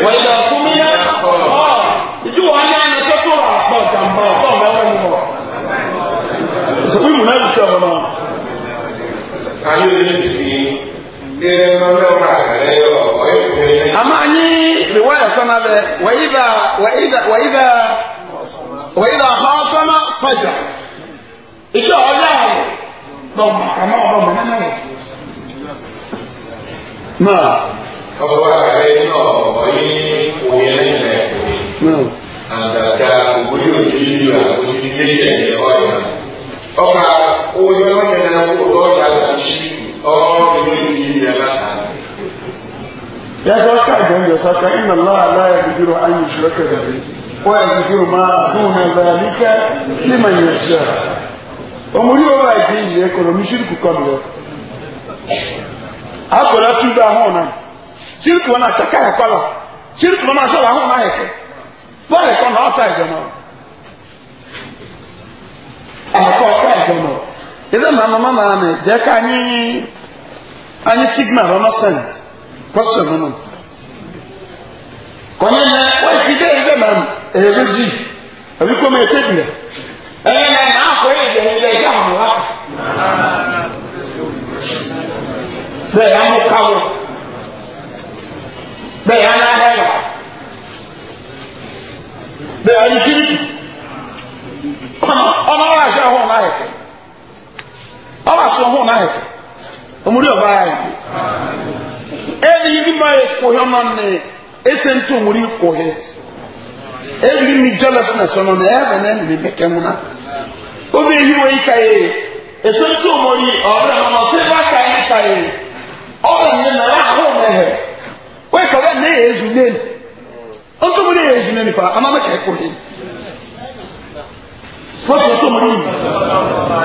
wà ìjọ ọkùnrin yẹn ọ ìjọ wọn yẹn ní tẹtù wà àpọ jàmbá ọkọ mẹwàá yìí bọ ìsìnkú ìmùnà yìí kí ọmọ náà. ayé ní ti ní ọlọ́wọ́ àgbẹ̀ yọ ọ̀yọ́ ìpín. àmọ́ anyi rìwáyà sọ́nà bẹ wà ìdá wà ìdá wà ìdá wà ìdá àkọ́ sọ́nà fàjà ìjọ ọ̀yá rẹ̀ lọ́mọ àmọ́ ọ̀rọ̀ mọ̀ nínú rẹ̀. náà. ọba rẹ náà ọyẹ òye nílẹ òye àgàgà òbí òbí yíyọ àbójú iléeṣẹ yẹn ọyọ ọba òye ọyọ náà kó lọ́ọ̀dà àti ọ̀rọ̀ ìlú yìí yẹn náà. يجب أن يسألك إن الله لا يغفر أن يشرك به ويغفر ما دون ذلك لمن يشاء omuli owa ebiire kono mishiriku kodro akola tuba hona shiriku wana chakaya kola shiriku mama shola hona heke pole kono ota egono ako ota egono ebe mama mama ame je ka anyi anyi sigma rono send question nono konye ne wa ikide ebe mam ebeji abikome etebile ẹ̀yẹ náà máa kọ́ èdè ilẹ̀ ìjà ọ̀nà wa. bẹ́ẹ̀ yà mú káwọ́ bẹ́ẹ̀ yà náà hẹ́wà bẹ́ẹ̀ yà ní kiri ọmọ ọ̀rọ̀ àṣẹ ọ̀hún náà yẹ kẹ́ ọ̀rọ̀ àṣẹ ọ̀hún náà yẹ kẹ́ ọmọdé ọba yà yẹ every me jealousness ọ̀nà ní ẹ̀rọ náà ní bẹ̀kẹ́ mu náà ó bí ehi wọ̀nyí ka yẹ èso tí o mọ̀ yìí ọ̀rẹ́ mi ọ̀nà sí bá ka yẹ ka yẹ ọ̀rẹ́ mi nà wà hó mẹ́ hẹ̀ wọ́n kọ̀ bẹ́ẹ̀ ní èzù lẹ́nu ó tún mú ní èzù lẹ́nu pa ọmọ mi kà ẹ̀kọ́ yìí wọ́n tún tún mú ní yìí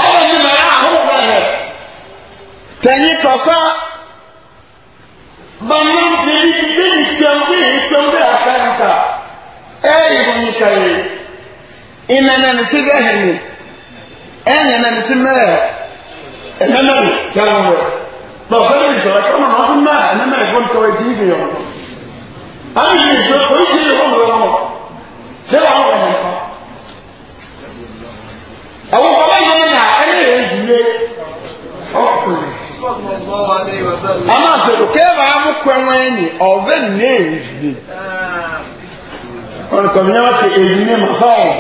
ọ̀rẹ́ mi nà wà hó mẹ́ hẹ̀ tẹ̀yìn tọ̀sá bàmí ní bí ní tẹ̀wé tẹ̀wé àkàǹkà ɛyɛ wɔn nika yi ìmɛnɛ nisi bɛ hɛn yi ɛnyɛ na nisi mɛ ɛnɛmɛ yi yɛn wɔ na ɔfɛn yi sɔrɔ ɛfɛn na ɔsi mɛ ɛnɛmɛ yi fɔn tɔwɛ ti yi yɛn ayi yi sɔ oyi ti yi wɔn wɔ wɔn sɛ wɔn wɔ wɔn kɔ ɛwɔ kɔlɛ yɛn na ɛyɛ yɛn zu yɛ ɔkùnrin ama sɛ kɛfà amukɔ ɛwɛn ni ɔvɛ nne yɛn zu yɛ ọ̀nà kọ̀míyàn wọ́n fi ezinim asáwọ̀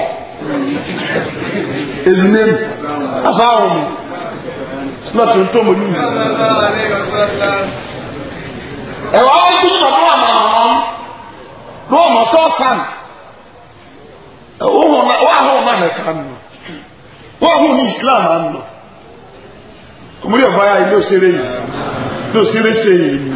ezinim asáwọ̀ mi lọ́tí tó mọ̀ ní ẹ̀wọ̀ àwọn ikú ní bàbá àmà àwọn lọ́wọ́ mọ̀ sọ́ọ̀sán wọ́n ahọ́ ọmọ ẹ̀ka nù wọ́n ahọ́ ní islam nù ọmọdé ọba ilé òṣèré yìí ilé òṣèré sèyí nù.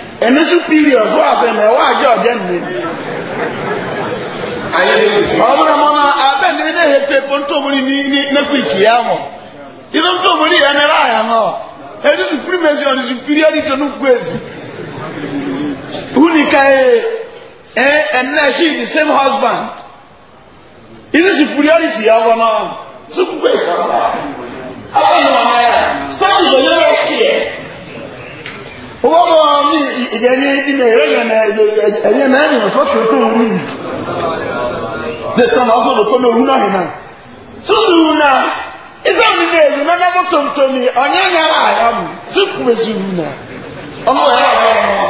ẹni superior fún àfẹnẹ wà á jẹ ọjẹ nìyẹn. ọmọdé mọ náà abẹ́ni ní ètò epo ntòmúri ní nípa ìkìyà mọ̀ inú ntòmúri yẹn ní ráàyà náà ẹni supremacy ọ̀ni superiority tó ní gbèsè. wúni ká ẹ ẹ ẹnna she the same husband inú superiority yẹn wọ náà sókùpé ìfọ̀sà. abẹ́ni wọn náà yà sọ́kùpé yẹn bẹ́ẹ̀ kí yẹn. owó bọ̀ mí ìdí ẹni nínú ẹ̀rọ yẹn náà ẹ̀yẹ náà ẹ̀yẹ fọ́ọ̀kì tó ń wúlò this time also lóko ní òwú náà yìí náà sísù náà iṣẹ́ mi ní èlù náà náà tóntómi ọ̀nyẹ́ yẹn wà áyà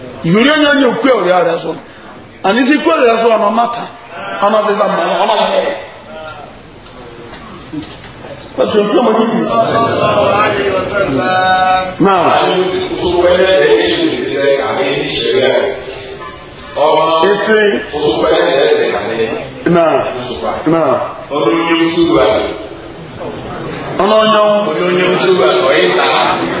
ìwúrí onye onye okwe ọrịa ọrịa sọ and isi kwe ọrịa sọ ọnọ mata ọnọ dịza mma ọnọ mma Ese na na ọnụ onye nsogbu a ọyị taa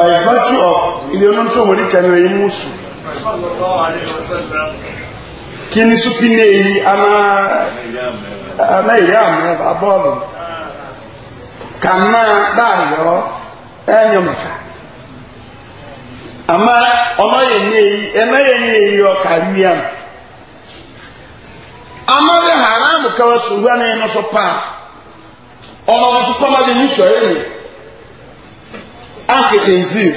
by virtue of ilé onóńtò wòlí kẹnu èyí mùsù kí ni súpì ní èyí àmà ìrí àmì abọ́ọ̀lù kà máa Ama ọmọ yẹn ní èyí ẹ̀mẹ́ yẹn ní èyí ọkà rí àmì àmà bẹ hàrá àmì kẹwàá sùn n'e ní ẹnu sọ ọmọ akìkìnzir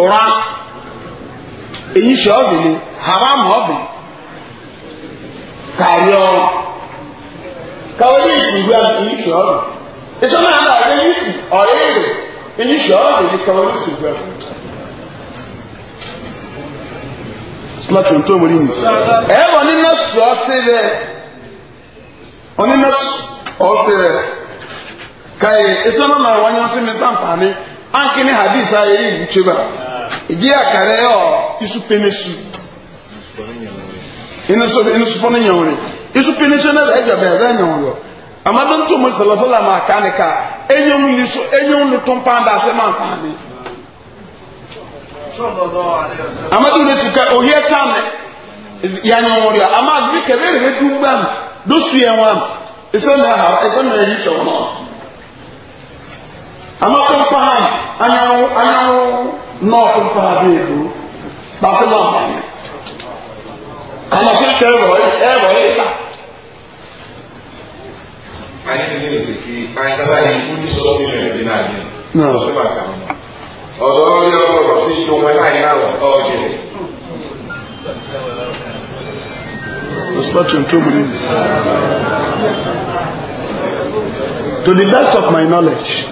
ụra èyí ṣe ọbìnrin haram ọbìn kàrí ọrùn kàwọlé ìsìnkú èyí ṣe ọbìn ìṣọ́nà àbá ọ̀rẹ́ yìí sì ọ̀rẹ́ èrè èyí ṣe ọbìnrin kàwọlé ìsìnkú ẹ̀kọ́ láti ohun tó mú nínú ẹ̀wọ̀n nínú ọ̀sẹ̀ rẹ̀ onínú ọ̀sẹ̀ rẹ̀ kàrí ìṣọ́nà àwọn wáyé ọ̀sẹ̀ mi sáǹfààní anki ne hadis a yɛyi ntwe ba ɛgye akara yɛ ɔ isu pene su ɛno so ɛno supɔ no isu pene su na ɛdwa bɛɛ ɛdwa nyawore ama bɛ ntu mu salasala ma aka ne ka enyom ni so enyom ni tumpa da asɛm anfa ne ne tuka ohia tam ya nyawore ama adi kɛlɛ yɛ dum gbam do su yɛn wa ɛsɛ mɛ ha ɛsɛ mɛ yi kyɛ wɔn amako mpaha anyanwụ anyanwụ nọọkụ mpaha bụ ebu kpasị na ọmanye amasị nke ẹwọ ẹwọ ịta. anyị dị n'ezi ka anyị kata anyị fụdị sọpịmenti dị n'anyị ọsị maka m ọdọ ọrụ ya ọrụ ọsị ike onwe anyị na-alọ ọgị. To the best of my knowledge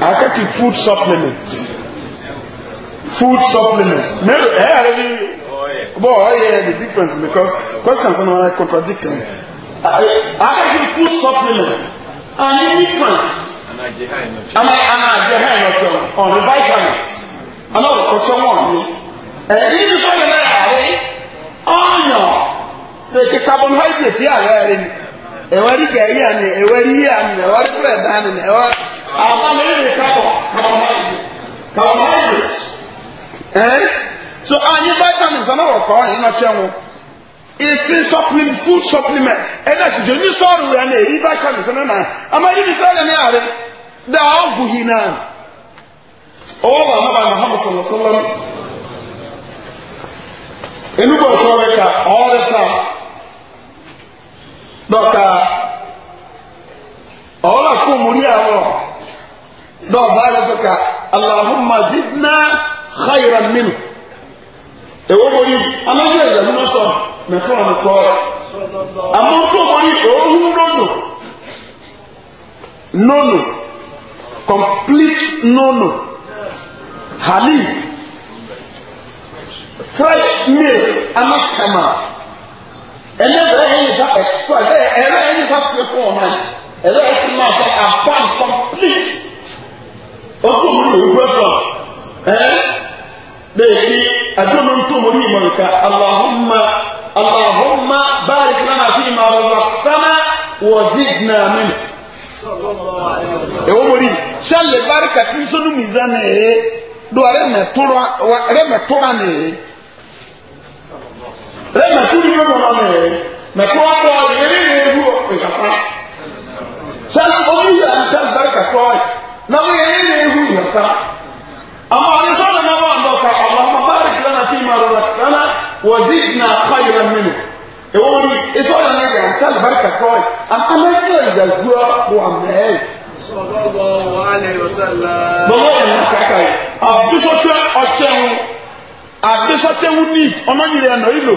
akaki food supplement food supplement mẹ́rin ẹ̀ ẹ̀ rí bọ́ ọ the difference because questions ọ̀nà contradicting. I me akaki food supplement and nutrients And I ana ana àjẹ hẹ́ẹ̀ lọ́tọ̀ on the vitamins ana ọ̀kọ̀tọ̀ wọn ni ẹ̀ẹ́dì ní sọ́yìn náà rẹ̀ ọ̀yàn lè kí carbohydrate yà rẹ̀ rẹ̀ ni ewari ka eyi ani ewari yi ani na ewari kura ɛda ani na ɛwa afa na eyi ka wɔ carbohydrate ɛn so anyi vitamins ɛna wɔ kɔɔ ɛna twɛn wo esi supplement food supplement ɛna kudu onyi sɔɔri wura na eyi vitamins ɛna na ama yi bi sɛ ɛna yare da ɔgu yi na ɔwɔ wɔ ɔmo ba na ɔmo sɔlɔ sɔlɔ enu bɔ sɔrɔ ka ɔɔre sa dɔka ɔwɔla kó muri awɔ dɔw b'a lɛ sɔka alahuma zidna khayra minu ewo mori anagbe ɛdɛmu na sɔn mɛ tó ɔmu tɔ amu tó mori ohu nono nono complete nono hali fresh milk anakama ɛnɛ bɛ ɛyɛ nfa ɛkutɔ ɛdɛ ɛyɛ ɛyɛ nfa fi kɔ ɔman ɛdɛ ɛfi ma fɔ apan complete ɔtɔ mu ni owurɔ fɔ ɛɛ bɛɛbi adumu ntomo ni mu nka alahuma alahuma barik lana fi ma razaqtana wa zidna min ɛwɔ mori sɛ le barika tun so no mizan ne ye do a rɛ mɛ tora wa rɛ mɛ tora ne ye rẹ na tu mi wọn nọ mẹ mẹ tó a kọ yẹn ní yẹn hu ìkasa sẹlẹ omi yà ń sẹ bẹrẹ kọ yẹ na mo yẹn ní yẹn hu ìkasa àmọ àwọn sọ na náà wọn bọ ká ọmọ ọmọ báyìí kí lọ́nà fi máa rọra lọ́nà wọ́n zi na kọ́ yẹn mímu èwo ni ìsọ yẹn ní yẹn sẹ bẹrẹ kọ yẹ àtàlẹ́ yẹn yẹ gbúra wà mẹ́ẹ̀. Bọ́lá yẹn ń kàkà yìí. Àbísọ́tẹ́ ọ̀tẹ̀ ń ní ọmọ yìí rẹ̀ nà ílò.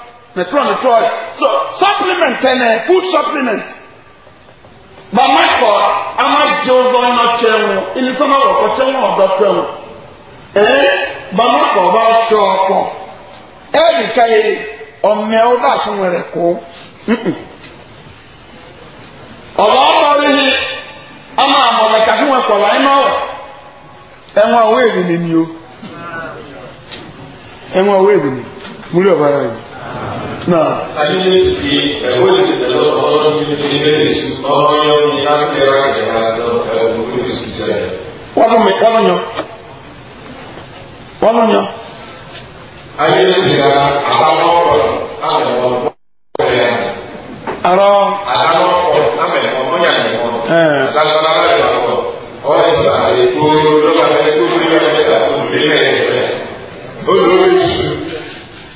metro metro so supplement ɛnɛ eh, food supplement mama kɔ ama jɛ ɔzɔ ɔnɔ kyɛn wo enisɔn awɔ kɔ kyɛn wo ɔdɔ kyɛn wo ɛn mama kɔ ɔba sɔ ɔkɔ ɛyɛ ka yi ɔmɛ ɔba aso wɛrɛ ko ɔba ɔba yi ama amɔlɛ kasi wɛ kɔ la ɛnɔ ɛnwa owó èdè ni ni o ɛnwa owó èdè ni múlò ɔba yà yi. No. I think it is the holy the Lord of the Universe, all your young era, and the Buddhist desire. One of me, one of you. One of you. I think it is the Arab Arab Arab Amen. Ọ̀nyà ni wọ́n. Àtàlọ́ náà lè wà wọ̀. Ọ̀yà ti bàa lè kó lọ́ba fẹ́ kó lórí ẹ̀ka tó lé lẹ́yìn rẹ̀. Ó lórí ìṣòro.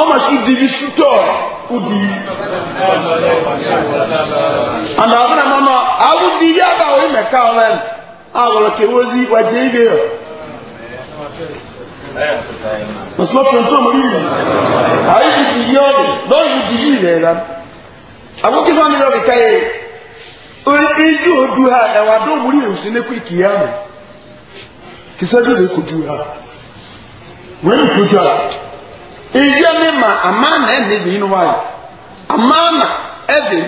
ọmọ sùn dìbí sùtọ̀ òdì àná ọ̀bùnà mọ́mọ́ àwọn òdì yá bá wọ́n mẹ́ka ọ̀rẹ́ nù àwọn kẹwọ́ sí wàjẹ́ ibè yọ. Mọ̀tò fẹ̀ntọ́ mọ̀ yìí àyè dìbì yí ọ̀dọ̀ lọ́ọ̀dì dìbì rẹ̀ rà. Àkókò sọ́ni lọ́ọ̀dì káyé ojú odu ha ẹ̀wà dùn múrí ko du ha ìyá mi ma àmàna ẹ̀ ní ìdíyìn wáyé àmàna ẹ̀ dì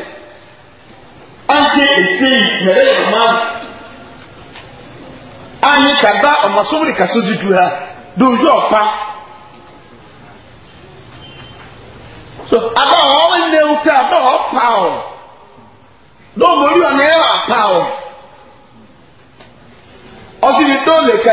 anyị ka da ọmasọmri kasozi du ha ọpa so ada ọrụ nne ọpa ọ ọ na-ewe apa ọ ọsiri dole ka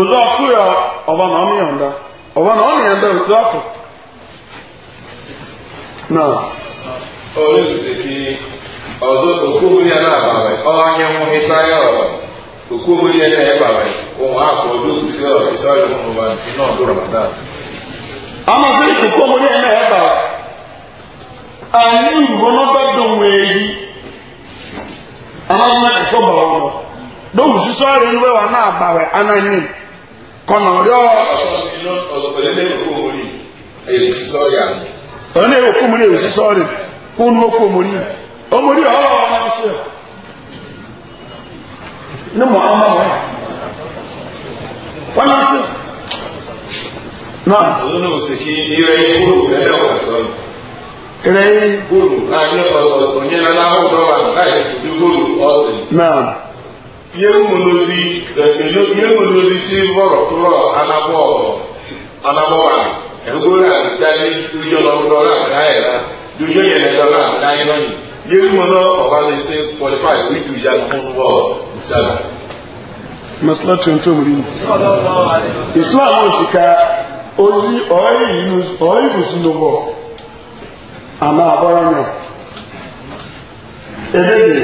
ozo ọtụ ya ọba na ọmịa nda ọba na ọmịa nda otu atụ na onye gosiki ọdụ okwuomiri ya na-abalị ọrụ anya nwụhịta ya ọrụ okwuomiri ya na-ebalị ụmụ akụ ọdụ okwusi ọrụ isi ọrụ ụmụ ụwa na ọdụ ramadan amasịrị ka okwuomiri ya na-ebalị anyị ruru n'ọba dị onwe ehi amasịrị ka sọbara ọnụ n'owusi sọrọ nwe wa na-abalị anaghị kɔnɔ yɔ. ɔn ne y'o ko mo ni esi sɔɔri ko n'o ko o mo ni ɔɔ ɔmɔ mi se ne mɔ an ma mɔ wala se na. olu n'o se k'i yɛrɛ ye kolo yɛrɛ yɛrɛ wa sɔrɔ. yɛrɛ ye. kolo a ne fa sɔrɔ o ɲɛna n'a ko dɔw b'a la k'a yɛrɛ ti kolo ɔsɛ yéwòlórí yéwòlórí sí bọ̀rọ̀ kúrọ̀ anabọ̀ anabọ̀ wa ẹgbẹ́ rẹ̀ dání dúdú lọ́dọ̀ rẹ̀ àdá yẹn la dúdú yẹn lẹ́dọ̀ rẹ̀ àdá yẹn lọ́yìn yéwòló ọ̀bá lè ṣe qualify wí tu ìyá lọ́kùnrin wọ̀ ìsàlà. masla tuntun mi islam ò sì ka oyi ọ̀ọ́yì ìbùsùn ló wọ̀ àmọ́ àbọ̀rọ̀ náà eléyìí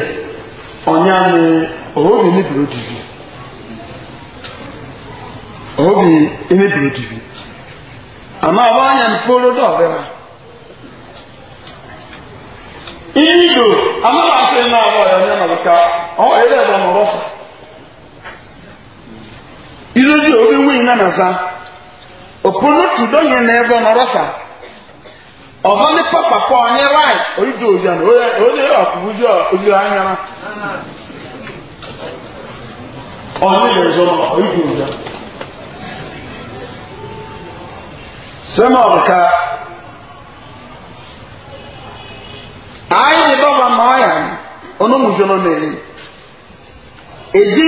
ọ̀nyá òwò mi mebiri odidi òwò mi mebiri anya mkpóró dọ̀bẹ̀rẹ̀ ìyídò amára ase náà wọ ẹ̀rọ ní ọ̀nàbọ̀ká ọ̀hún ẹ̀rọ ẹ̀rọ ọ̀nọ̀rọ̀ fà ìdójú òbí wíì náà nàza òpónú tùdó yẹn náà ẹ̀rọ papa fà onye ní pápákọ̀ ọ̀nyẹ́ ráì oyídò onye anya ọ̀nìlẹ̀ ìzọ́nà oríkì òjá sẹ́mọ̀ ọ̀ká ayé bọ́bá mọ́ọ̀yà onúmùsọ́nà mẹ́rin èdè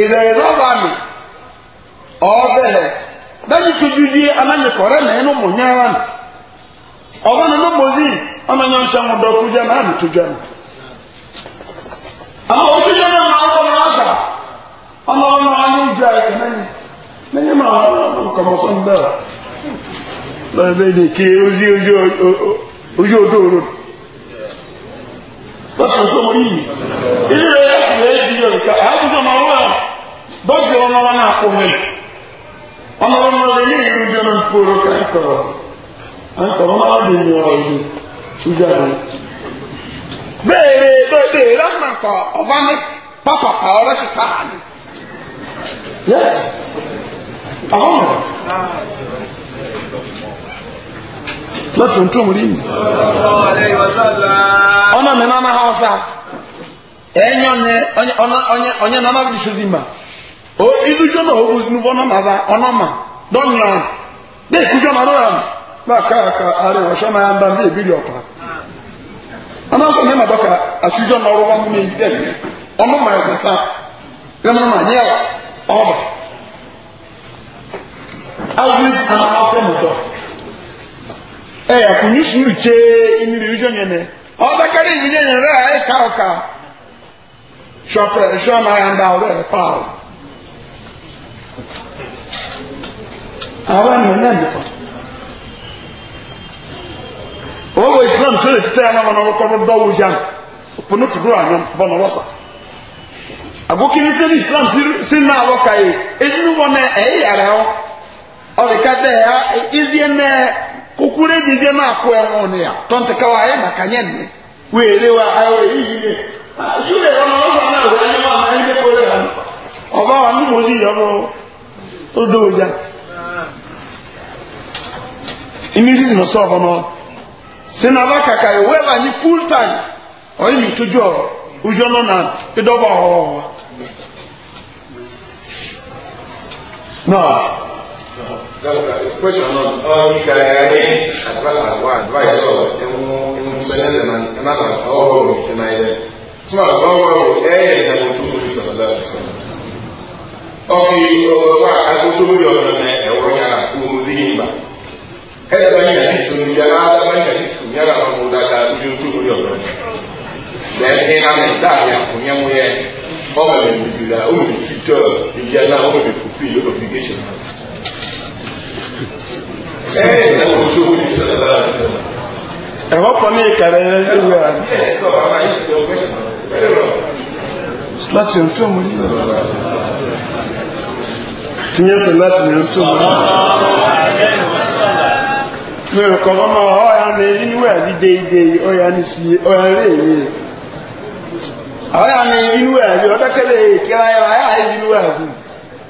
ìrẹ̀ ìrọ́bà mi ọ̀ọ́bẹ̀rẹ̀ bẹ́ẹ̀ni tó dúdú aláyẹ̀kọ̀rẹ́ mẹ́rin mọ̀ nyára ọ̀bọ̀n nínú mọ̀ sí ọmọ yẹn ń sẹ́wọ̀n dọ̀kú jẹ́ náà nìtújọ́ náà ama ojú yẹn náà máa kọ́ máa sà ọmọ ọmọ ọmọ ìjọ ẹ̀kọ́ mẹ́yìn mẹ́yìn máa wà lọ́kọ̀ mọ́ sọ́n bẹ́ẹ̀ lọ́wọ́ bẹ́ẹ̀ ni kí ojú ojú ojú ojú ojú sọ́kàn tó mọ yìí ilé rẹ̀ kìlẹ̀ èdè yọ̀ nìkan àbújọ máa wà dọ́gbẹ̀ ọmọ wọn náà kọ́ mẹ́yìn ọmọ wọn náà lè ní ìlú jẹ́ náà kúrò káńkọ̀ọ́ àńkọ̀ọ́ máa dì ní ọ̀rọ̀ ìlú ìjà náà. bẹ́ẹ̀ bẹ́ẹ̀ rẹ́fúnà kọ ọba ní pápá ọ̀rẹ́ ṣùtá ni yes ọ̀hún lẹ́tùn tó mú rí mi ọ̀nà mi nánà ha ọ̀sá ẹ̀yìn ọ̀nyẹ ọ̀nyẹ nánà bí ṣe dìgbà ó ìlú jọ náà ogun sínú fọ́nà nàdà ọ̀nà mà dọ́nyà dé ìkújọ́ nàdọ́ yà bá káàkà àrẹwọ̀ṣọ́ náà yà ń bá ń bí ìbílẹ̀ ọ̀pá ana ne ma dɔka asudwa na ɔrɔ wɔn mi dɛ mi ɔno ma yɛ nsa ɛmu ma nyɛ ɔba awi anaasɔ mu dɔ ɛyɛ akunyi suru kyee enyiri yi dwɔnyɛ nɛ ɔdakari yi dwɔnyɛ nɛ ɛyɛ ka ɔka sɔtɔ ɛsɔ na yɛ nda ɔrɔ yɛ paa awa na ɛnɛ nifa. wọ́n wọ islam sílẹ̀ títẹ́ ẹ̀ náà lọ́kọ́ ló dọ́wọ́ yá òpinnu tó dúró àyàn bọ́nà lọ́sà àgókìrì sílẹ̀ islam sí náà lọ́ka yìí ẹ̀yìn wọn náà ẹ̀yẹ yàrá wọn ọ̀rẹ́ kàtẹ́ ẹ̀ ẹ̀díẹ̀ náà kúkúrẹ́ náà ẹ̀ ẹ̀ yẹn wa ayọ̀ yìí yìí yìí sinaba kaka yi weba ni full time ɔyi mi tuju ɔ uju ɔno na idɔba ɔwɔ naa. question náà ọ yíka ẹ ní àdúrà àwọn àdúrà yìí sọ ẹmu ẹmu fẹlẹ lẹna ẹna na ọwọ mi ti na yẹ tuma ọwọ ẹ yẹ ẹna mo tó mi sọ lọ sọ ọkùnrin ọwọ wa agbótó mi na na ẹ̀yẹ bá yín nàbí sọ ní yàrá bá yín nàbí sọ yàrá bá mú dada ojú ojú orí ọ̀rọ̀ lẹ́yìn ní nàmì dáàbí àkúnyẹ́ mú yẹ ọmọ mi mi bìlà ọmọ mi ti tọ́ ìyá náà ọmọ mi fòfin yóò obligation náà. ẹ̀yẹ náà ojú orí sọ̀rọ̀ ẹ̀wọ́n pọ̀ ní ìkàrẹ̀ ẹ̀wọ́ láti ọ̀tọ́ mú ní sọ̀rọ̀ tìyẹ́sẹ̀ láti ọ̀tọ́ mú ní sọ̀rọ̀ mẹ́rin kọ̀ọ̀kan mọ́ ọ̀yà ní inúwẹ̀ sí déédé ọ̀yà ní sí ọ̀yà ní èyí ọ̀yà ní inúwẹ̀ sí ọ̀dọ́kẹ́lẹ̀ kíra ẹ̀ ọ̀yà ní inúwẹ̀ sí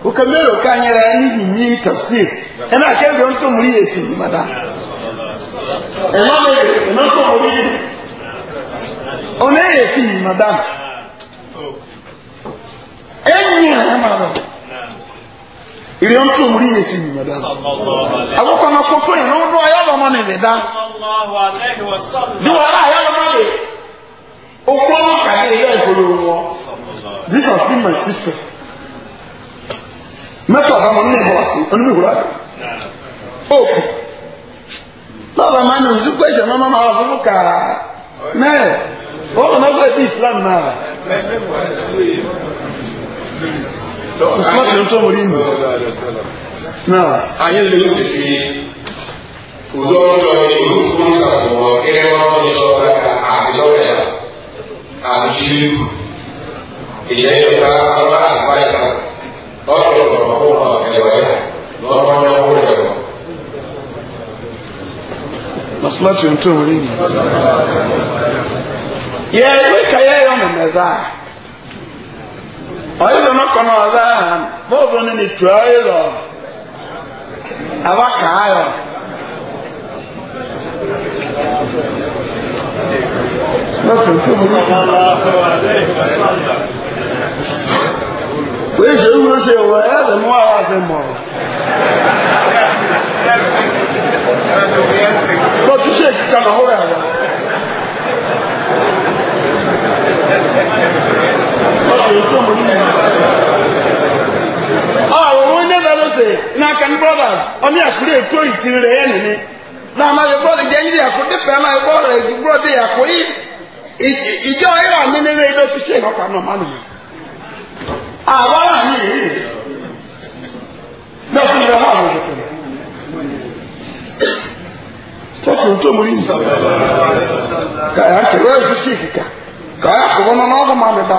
òkè mẹ́rin ká nyẹrẹ ní ìmí ẹ̀ náà mú ní ìrìn tó ń rí èsì nìmọ̀dá àwọ́kọ́ ọmọ kó tó ìrìn ọdún ayọ́lọ́mọ ní ìdá níwọ̀n ayọ́lọ́mọ lè okú ọmọ pàdé ilé ìgboro wọn this has been my sister mẹ́tọ̀ ọ̀dọ́mọ ní ìbọn sí onímìwúrà rẹ̀ òkú lọ́dọ̀ máa ní òṣù pé ìṣẹ̀mọ́ máa máa fún kà mẹ́ẹ̀ ó lọ́mọ sọ ìdí islam náà usman ti n tó mori mi. anyị lè lóṣù fi ụdọ ọjọ ní ìlú fún ṣàkóso kẹrẹ wọn ní sọ ọgá àbílọrẹ àbíṣírìkù ìyẹn yóò ká ọlọ àgbáyà ọrọ lọrọ fún ọ ẹwẹ lọrọ ní ọwọ rẹ. Masulati ntoma ni. Yẹ ẹ wí ka yẹ ẹ yọ ọ̀yẹ́dọ̀ náà kọ́ náà ọ̀dá bóòbù ni ni tù ọ́yẹ́ lọ àbá kàá yọ. Wéé ṣe wúlò ṣe wọ ẹ́ lè mú àwọn àṣẹ mọ̀. Bọ́tú ṣe kíkan náà ó rẹ̀ wá. ọ wọn onye ẹ̀fẹ́ ló ṣe ní akan brothers ọmọ ìyàkúrẹ́ ètò ìtìrì rẹ̀ yẹn nìní náà máa yọ brother jẹ́ ní ìyàkó dípẹ́ máa yọ brother ìdí brother ìyàkó yìí ìjọ ìrà ka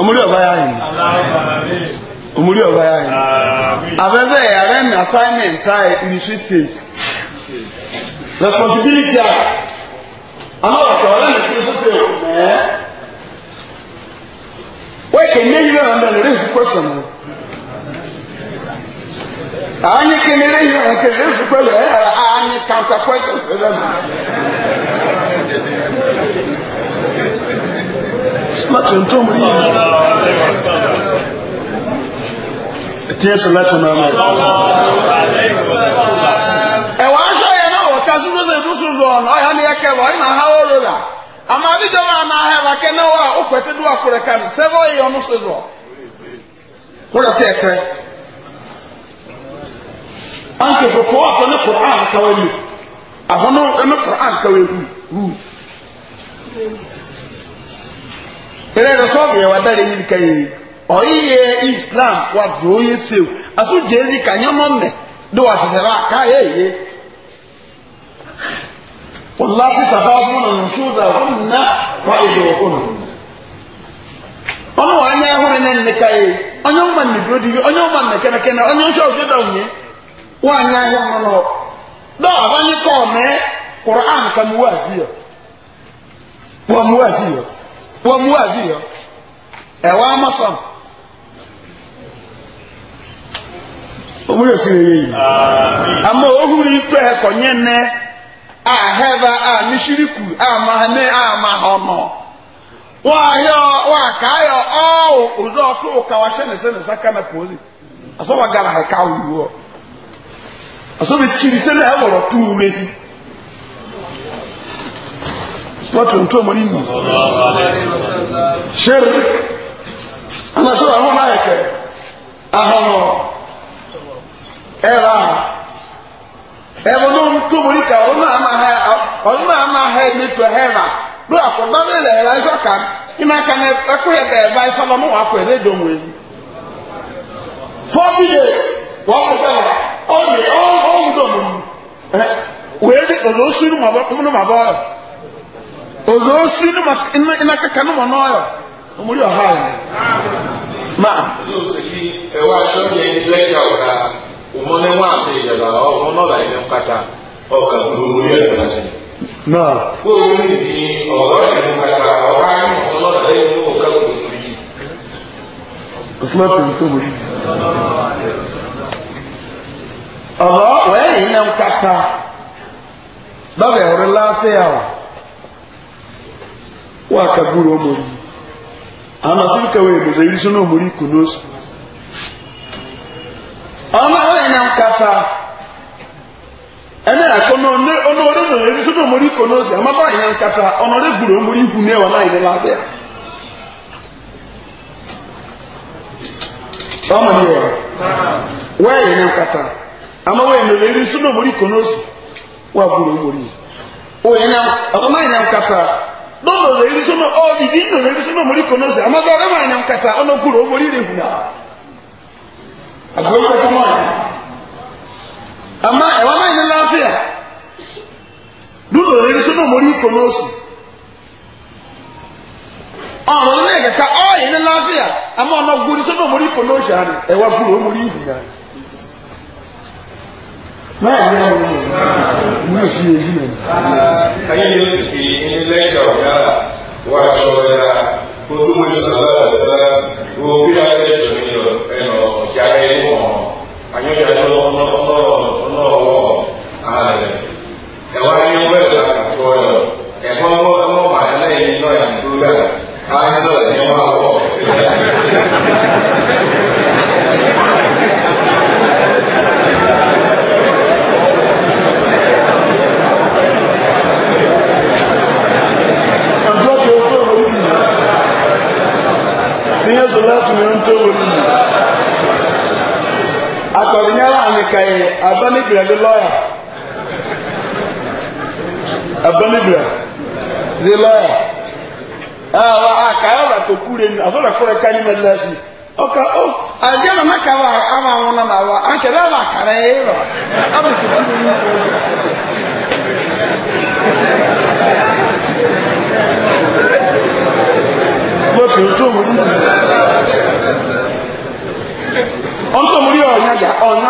omuli ọba ya yìí omuli ọba ya yìí abẹ́fẹ́ ẹ̀rẹ́ ní assignment a ìrìsí ṣe responsibility a amáwọ̀tọ̀ ọ̀rẹ́ ní ìrìsí ṣe ẹ̀ wọ́n kè ní yíyọ ọ̀nà lórí ìsú question o àányi kìíní lè yíyọ ọ̀nà kìíní lórí ìsú question ẹ̀ ẹ̀ àányi counter questions láti ohun tó it. ní ẹ̀tí ẹ̀sùn láti ọmọ ọmọ ẹ̀wọ̀ aṣọ yẹn náà wọ̀ká súnmọ́ sí ìdúsùnzù ọ̀nà ọ̀yà ni ẹ̀kẹ́ wọ̀ ẹ̀nà ha ó lòlá àmà àbíjọba àmà ahẹ́wà kẹ́ náà wà ó pẹ̀tẹ́ dúwà kúrẹ̀ kàmì sẹ́fọ́ yìí ọ̀nà sọ̀zọ̀ kúrẹ̀ tẹ́ ẹ̀kẹ́ anke fòfò ọ̀tọ̀ ní kùrán kawé lu àhọ́nú ẹni kùrán kawé lu eré sọ́ọ̀bù yẹn wà dáre yìí kẹyìn ọ̀yíyẹ islam wà zòóyè sèw àsúnjẹ́ ẹ̀dí kànyọ́mọ́ mẹ́ ló wà sẹ̀sẹ̀ bá káyé yé. wàláfi tàbá ọdún ọ̀nà ṣúdà wọn nà wà èdè ọ̀hún. ọmọ wa nyẹ ẹhúnrin náà ní káyé ọnyẹ ọmọ mi dúró dìbí ọnyẹ ọmọ mi kẹnẹkẹnẹ ọnyẹ ọṣọ òjò dà wọnyẹ wọn anyẹ ẹhúnrin náà dọ́ àbáyé kọ́ ọ̀mẹ́ kọ́ra àmì kan wá sí yọ wọ́n mú wá sí yọ. wọ́n mú àbí yọ ẹ̀wọ́ amásán omúlẹ̀ sí rere yìí àmọ́ ohun yìí tó a kọ̀ yẹn nẹ́ àhẹ́bà àmísírìkù àmàhánẹ́ àmàhánà wọ́n ayọ́ wọ́n àkáyọ̀ ọ́ òdò tó kàwá sẹ́nẹsẹ́nẹsẹ́ na kòózì àsọ́wọ́ gara àkáwọ̀ ìwọ́ àsọ́wọ́ kiri sẹ́nẹ̀ ẹ̀wọ̀rọ̀ tó wúlé yìí. wọ́tún tó mọ̀ nínú ṣeré anasọ́rọ̀ àwọn aláìkẹ́ ahọ́nà ẹ̀rà ẹ̀rọ tó mọ̀ níka ọ̀rọ̀ náà máa ha ẹni tó ló àkọ́gbá mẹ́lẹ̀ ẹ̀rà ẹ̀ṣọ́ kan iná kan ẹkú yẹ bẹ̀rẹ̀ bá ẹ̀ṣọ́ lọ́mọ́ wà pẹ̀lú ẹ̀dọ̀mù yìí forty days wọ́n mú sẹ́wọ̀n ọ̀hún ọ̀hún dọ̀mù ozo osi nima ina kaka nima n'ọyọ omori ọha ya ma. yóò sì kí ẹwà aṣọ yẹn lẹ́jà ọ̀la ọmọ ní wọn àti ìjọba ọmọ náà láì ní kàtà ọkà lóru yẹn lọ rẹ. náà. kó o ní ní ọ̀rọ̀ ìlú kàtà ọ̀há ní ọ̀sán náà lẹ́yìn ní ọ̀gá òkú yìí. òṣùwọ̀n tó ń tó wọ̀ yìí. ọ̀rọ̀ wẹ́ẹ̀yìn náà kàtà bábẹ̀ ọ̀rẹ́ láfẹ́ wakagura omuri amasirika weebuza iriso n'omuri kunoso na nkata eneako onore no iriso n'omuri kunoso amabaina nkata onore gura na hune wanaine labea wee na nkata ama weena iriso n'omuri kunoso wagura omuri oyenaamaina nkata dɔw le yi sɔnɔ ɔ didi nɔ le yi sɔnɔ mori kɔnɔ sɛ ama dɔw ɛma nyam kata ɔnɔ kuro mori le huna agbɔyi kɔtɔ mɔ yi ama ɛwɔ ama yi lafiya du nɔ le yi sɔnɔ mori kɔnɔ si ɔnɔ ne kata ɔyi ne lafiya ama ɔnɔ guri sɔnɔ mori kɔnɔ si ani ɛwɔ kuro mori huna náà ní ọmọ náà sí èyí nà. ayé yóò sì ní lẹ́jà ọ̀gá wà aṣọ ya ojú mo sọ lára sá wo bí a lè jù ní ẹnà ọ̀jà ẹni wọ̀n ayọ̀yà ní ọ̀nà ọ̀nà ọ̀wọ̀ ààrẹ ẹ̀wọ̀n ayé wọ́n ẹ̀ka àtọ́ ẹ̀rọ. sọ láti ní ohun tó wò ní yìí akọ̀rìnyára àmìkà yẹ abánibìrẹ̀ ní lọ́yà abánibìrẹ̀ ní lọ́yà àwọn àkàyọ̀rọ̀ tó kúre ní àfọlẹ̀kọ́rẹ̀ ká ní mẹ́lẹ́sì ọkà ó àjẹ́rọ̀ náà kà wà áwọn àwọn náà wà àkẹ́rẹ́ àwọn àkàrà yẹ rọ̀ àbùkù kúre ní ìfọwọ́. Gbọ́dọ̀ tó mọ̀ nígbà.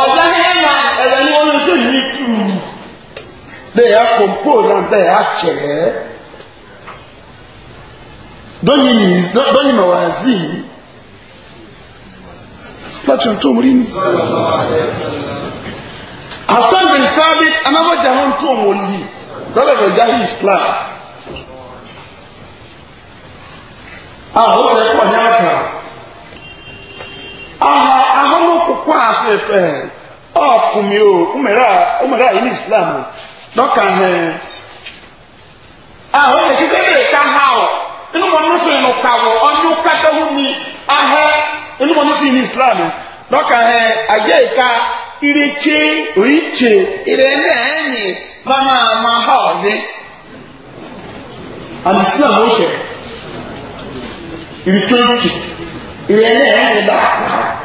ọ̀jẹ́ hẹ́nà ẹ̀rẹ̀ ni wọ́n ṣe ní tù bẹ́ẹ̀ á kọ̀mpó náà bẹ́ẹ̀ á kyẹ̀ ẹ́ dọ́yìn mọ̀ wá sí i láti ọ̀tọ́ òmùrí ni. asẹ́mbìn káàdì anábọ́jà hàn tó òmùrí lọ́dọ̀ ọ̀já hì islam. àwọn ah, ọ̀sẹ̀ pọ̀ ní àkàrà aha ahono koko ase pɛ ɔkumi o umera umera yi ni islam dɔka hɛ aho yɛ kisɛ yɛ ka ha o inu wɔn no so yɛ no ka o ɔno kata ho ni ahɛ inu wɔn no so yɛ islam dɔka hɛ ayɛ yi ka irekye oyikye irene ɛnyi mama ama ha ɔdi and islam o hyɛ irekye oyikye. ìrìn ẹni ẹ̀rọ ni dáadáa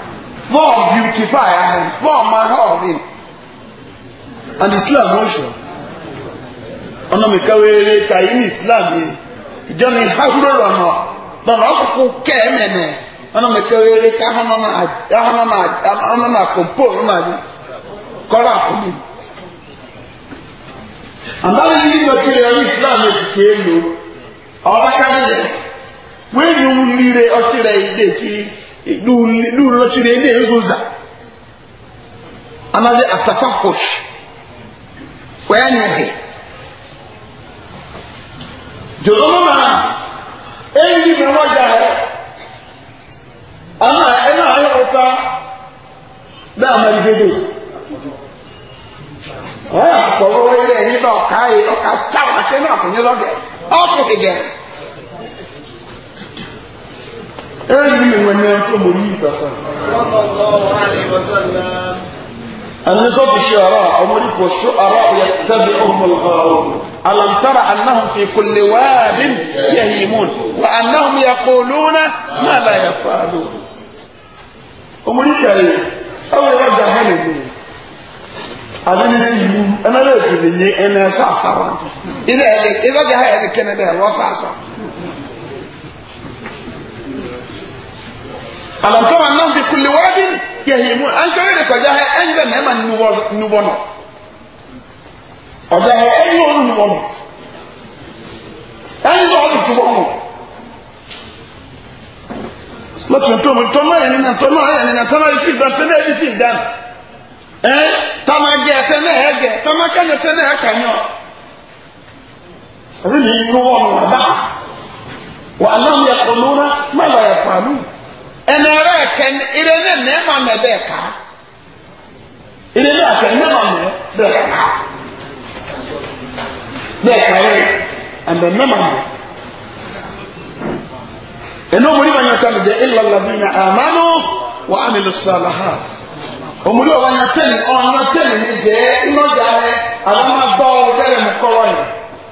bọ́ọ̀ beautify ahẹ́ bọ́ọ̀ máa họ́ him and islam ló ṣe ọ̀nà mi káwééré kàyí ní islam yìí ìjọ ni na lọ́nà lọ́nà ọ̀kùnkù kẹ́ẹ̀mẹ̀mẹ̀ ọ̀nà mi káwééré káhánà máa kọ̀mpó máa ní kọ́ra àkùnrin àbáwí nínú ọ̀kẹ́rẹ́ islam èsì kéèlú ọ̀bá kárí rẹ̀. wenyu mmiri ọchịrị ideki duru ọchịrị ndị nzuza anaghị atafahush wee nyụghị jọzọmọ na enyi na nwaja ana ena ayọrọta na amalidede ọ ya kpọrọ wee enyi ọka yi ọka na kene ẹ̀yìn ìwẹ̀ni tó mọ̀ yí ìgbàkan. النصب الشعراء أمرك والشعراء يتبعهم الغارون ألم ترى أنهم في كل واد يهيمون وأنهم يقولون ما لا يفعلون أمريكا أيه يعني، أو يرد هلمي أذن أنا لا أدري أنا سعصرا إذا إذا جاء هذا كندا له alantɔma nam bi kuli waadi yahimu ankɛwé de kɔjá hɛ ɛyin dɛ mɛma nubɔ nɔ ɔjá hɛ ɛyin wɔn nubɔ nɔ ɛyin dɛ ɔbi tubɔ nɔ lọtún tó mu tọ́nà yẹn nínú tọ́nà yẹn nínú tọ́nà yẹn fi dán tẹ́lẹ̀ yẹn fi dán ẹ́ tàmá gẹ tẹ́lẹ̀ yẹn gẹ tàmá kányọ tẹ́lẹ̀ yẹn kányọ. ẹ̀rí mi ń wọ́n wọ́n wọ́n dá wà á lọ́mú yẹ kọ́ lóra má lọ yẹ pàlú ɛnna ɛrɛ ɛkɛn ɛrɛ ne nɛɛma mɛ dɛ ɛka ɛrɛ ne ɛkɛn nɛɛma mɛ dɛ ɛka dɛ ɛka yɛ ɛnna nɛɛma mɛ ɛnna ɔmo nipa nyata no dɛ ɛla labi na amano wa amina sala ha ɔmo ni ɔba nyata ni ɔna ta ni ni dɛ nnɔja yɛ adama gbɔɔ dɛrɛ mu kɔrɔ yɛ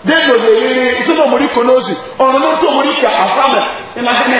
dɛ dɔ de yiri sɛ ɔmo ni konosi ɔno no to ɔmo ni ka asa mɛ ɛna hɛ ne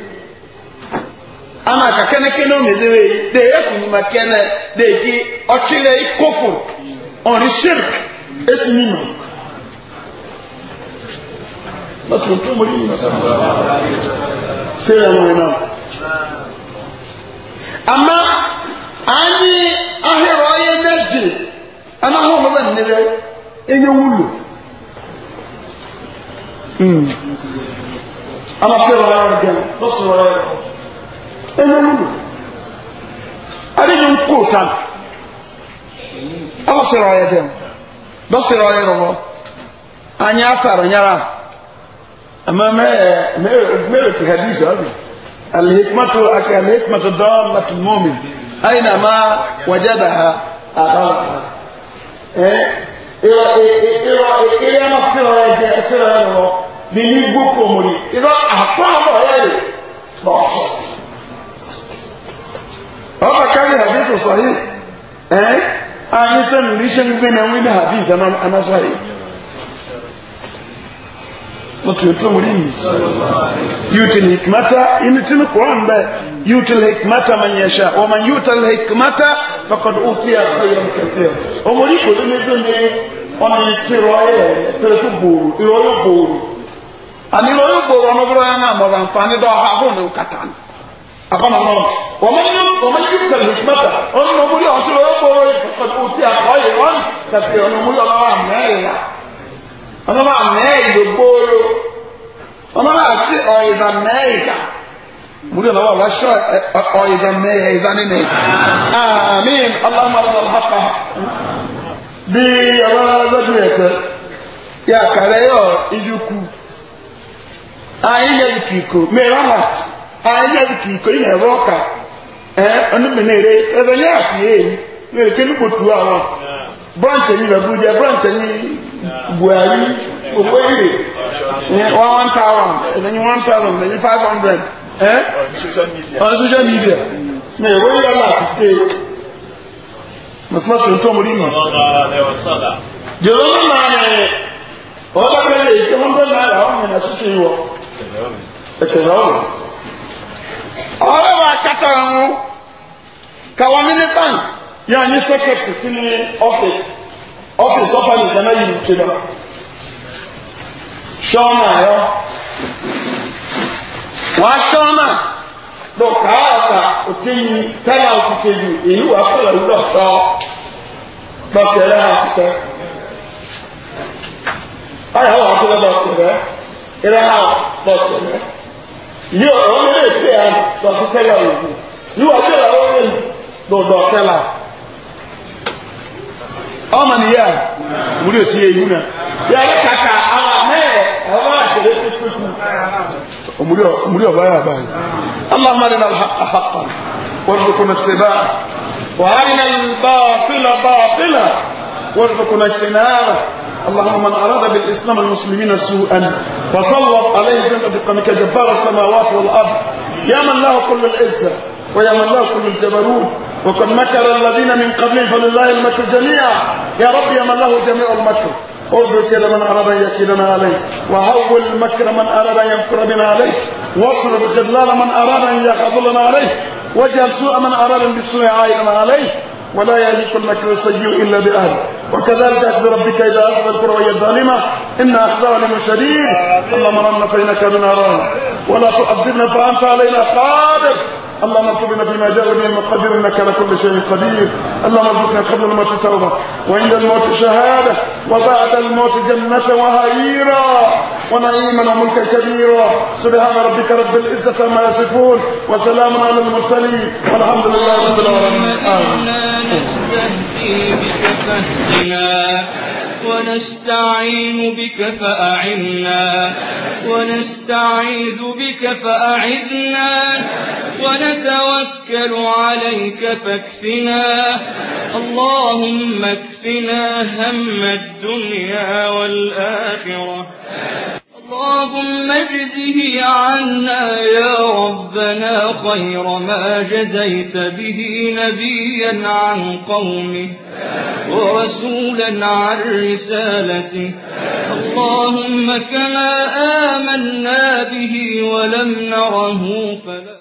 ama ka kene kene o mede wei de eku ma kene de ki ọchile ikofur ọni shirk esi nima lọtọ tó mo yìí sẹyìn àwọn ẹnà ama anyi ahịrị ọyẹ méjì ama ahụhụ bẹ nnere enye wulu hmm. ama sẹyìn ọyẹ ọdẹ lọsọ ọyẹ ọdẹ. ẹnumunu adéyìn kóòtà ọsẹrọ ọyẹ dẹm dọsẹrọ ọyẹ rọwọ anyi ataro nyara ama mẹrẹ mẹrẹ ti hadith ọbi alihikmatu aka alihikmatu dọọlatu mọmin aina ma wajada ha akala ẹ irọ irọ irọ ma sẹrọ ọyẹ dẹ ẹsẹrọ ọyẹ rọwọ nínú igbó kòmòrì irọ àtọ àbọ ọyẹ rẹ lọkọ. ọ ga hadithu sahih ẹ́ anyị sẹ́nu ríṣẹ́ ní fẹ́ni ẹ̀wọ́n ní hadith anásọ yìí lọ́tù ètò orí mi yútil hikmata inú tí ní kúrọ̀ ń bẹ yútil hikmata man yẹ a wọ́n man o hikmata fakọ̀d òtí àfẹ́yọ̀ kẹfẹ́ ọmọ orí kò ní mẹ́fẹ́ ní ọmọ ìsìn rọ́ọ̀yẹ̀ pẹ̀lú bòrò ìrọ̀yọ̀ bòrò akɔnɔ nɔnɔ wɔmɔ yi wɔmɔ yi ka lukmata ɔnu na ɔmuli ɔsi lɛ ɔkpɔ ɔyɛ kɔsɔtɔ ti a ɔyɛ wɔn sɛpi ɔnu muli ɔnu wa mɛɛ la ɔnu wa mɛɛ do gbooro ɔnu wa asi ɔyiza mɛɛ za muli ɔnu wa wasi ɔyiza mɛɛ za nini amiin alahuma alahuma haka bi ɔmɔ ɔlɔdi yɛtɛ yɛ akarɛ yɛ ɔ ijuku ayi yɛ ikiko mɛ ramat ayé ti kì í kó ilẹ̀ ẹ̀rọ ọ̀kà ẹ̀ ọ̀nùmìnira ẹ̀rọ yẹ àfihàn èyí lórí kí níbo tu àwọn branch ẹ̀yìn lọ́gbọ́n jẹ́ branch ẹ̀yìn buhari owó èrè one one thousand ẹ̀yìn one thousand ẹ̀yìn five hundred ẹ̀ on social media ní ìwé yẹn náà ti dé mùsùlùmí tó mú rí mi. jòló ní màá ní ọ̀dọ́ kẹlẹ̀ ìjọba náírà ọ̀hún ẹ̀ náà ṣíṣe ìwọ ẹ̀kẹ̀rẹ̀ ọ̀hún. Ọ wa kátàrà wọn kàwọn mínísítà yà ní sẹ́kẹ̀tì tí ní ọ́fíìsì ọ́fíìsì ọ́fíìsì ìdáná yìí ti lọ ṣọ́ọ̀nà ayọ́ wàá ṣọ́ọ̀nà lọ́kà ka òtẹ́yìn táyà òtítẹ́yì èyí wàá kọ́lá ụlọ ọsọ lọ́kẹ̀rẹ́ àkùtẹ́ ayọ̀ wàá tó yí ọ̀rọ̀ wọn lè pè á lọ́sí tẹ́lẹ̀ òkú yíwá tẹ́lẹ̀ àwọn ọ̀rẹ́ lọ́dọ̀ tẹ́lẹ̀ ọmọ nìyà wúlò sí èyí náà yàrá kàkà àwọn mẹ́rẹ̀ àwọn àṣẹlẹ̀ tuntun omuli ọba yà báyìí allahumma arina alhaqa haqqan warzuqna ittibaa wa arina albaatila baatila. وارزقنا اجتنابه اللهم من أراد بالإسلام المسلمين سوءا فصلت عليه زنة جبار السماوات والأرض يا من له كل العزة ويا من له كل الجبروت وقد مكر الذين من قبلهم فلله المكر جميعا يا رب يا من له جميع المكر اردد كيد من أراد أن يكيدنا عليه وهول المكر من أراد أن يمكر بنا عليه واصرف الخذلان من أراد أن يخذلنا عليه واجعل سوء من أراد بالسوء عائدا عليه ولا يهلك المكر السيء إلا بأهله وكذلك أخذ ربك إذا أخذ القرى وهي الظالمة إن أخذها لمن شديد اللهم رحمنا فإنك بنا ولا تؤذبنا فأنت علينا قادر اللهم ارزقنا فيما جاء به المقدر انك على كل شيء قدير اللهم ارزقنا قبل الموت توبه وعند الموت شهاده وبعد الموت جنه وهيرا ونعيما وملكا كبيرا سبحان ربك رب العزه عما يصفون وسلام على المرسلين والحمد لله رب العالمين آمين. ونستعين بك فأعنا ونستعيذ بك فأعذنا ونتوكل عليك فاكفنا اللهم اكفنا هم الدنيا والآخرة خطاب مجده عنا يا ربنا خير ما جزيت به نبيا عن قومه ورسولا عن رسالته اللهم كما آمنا به ولم نره فلا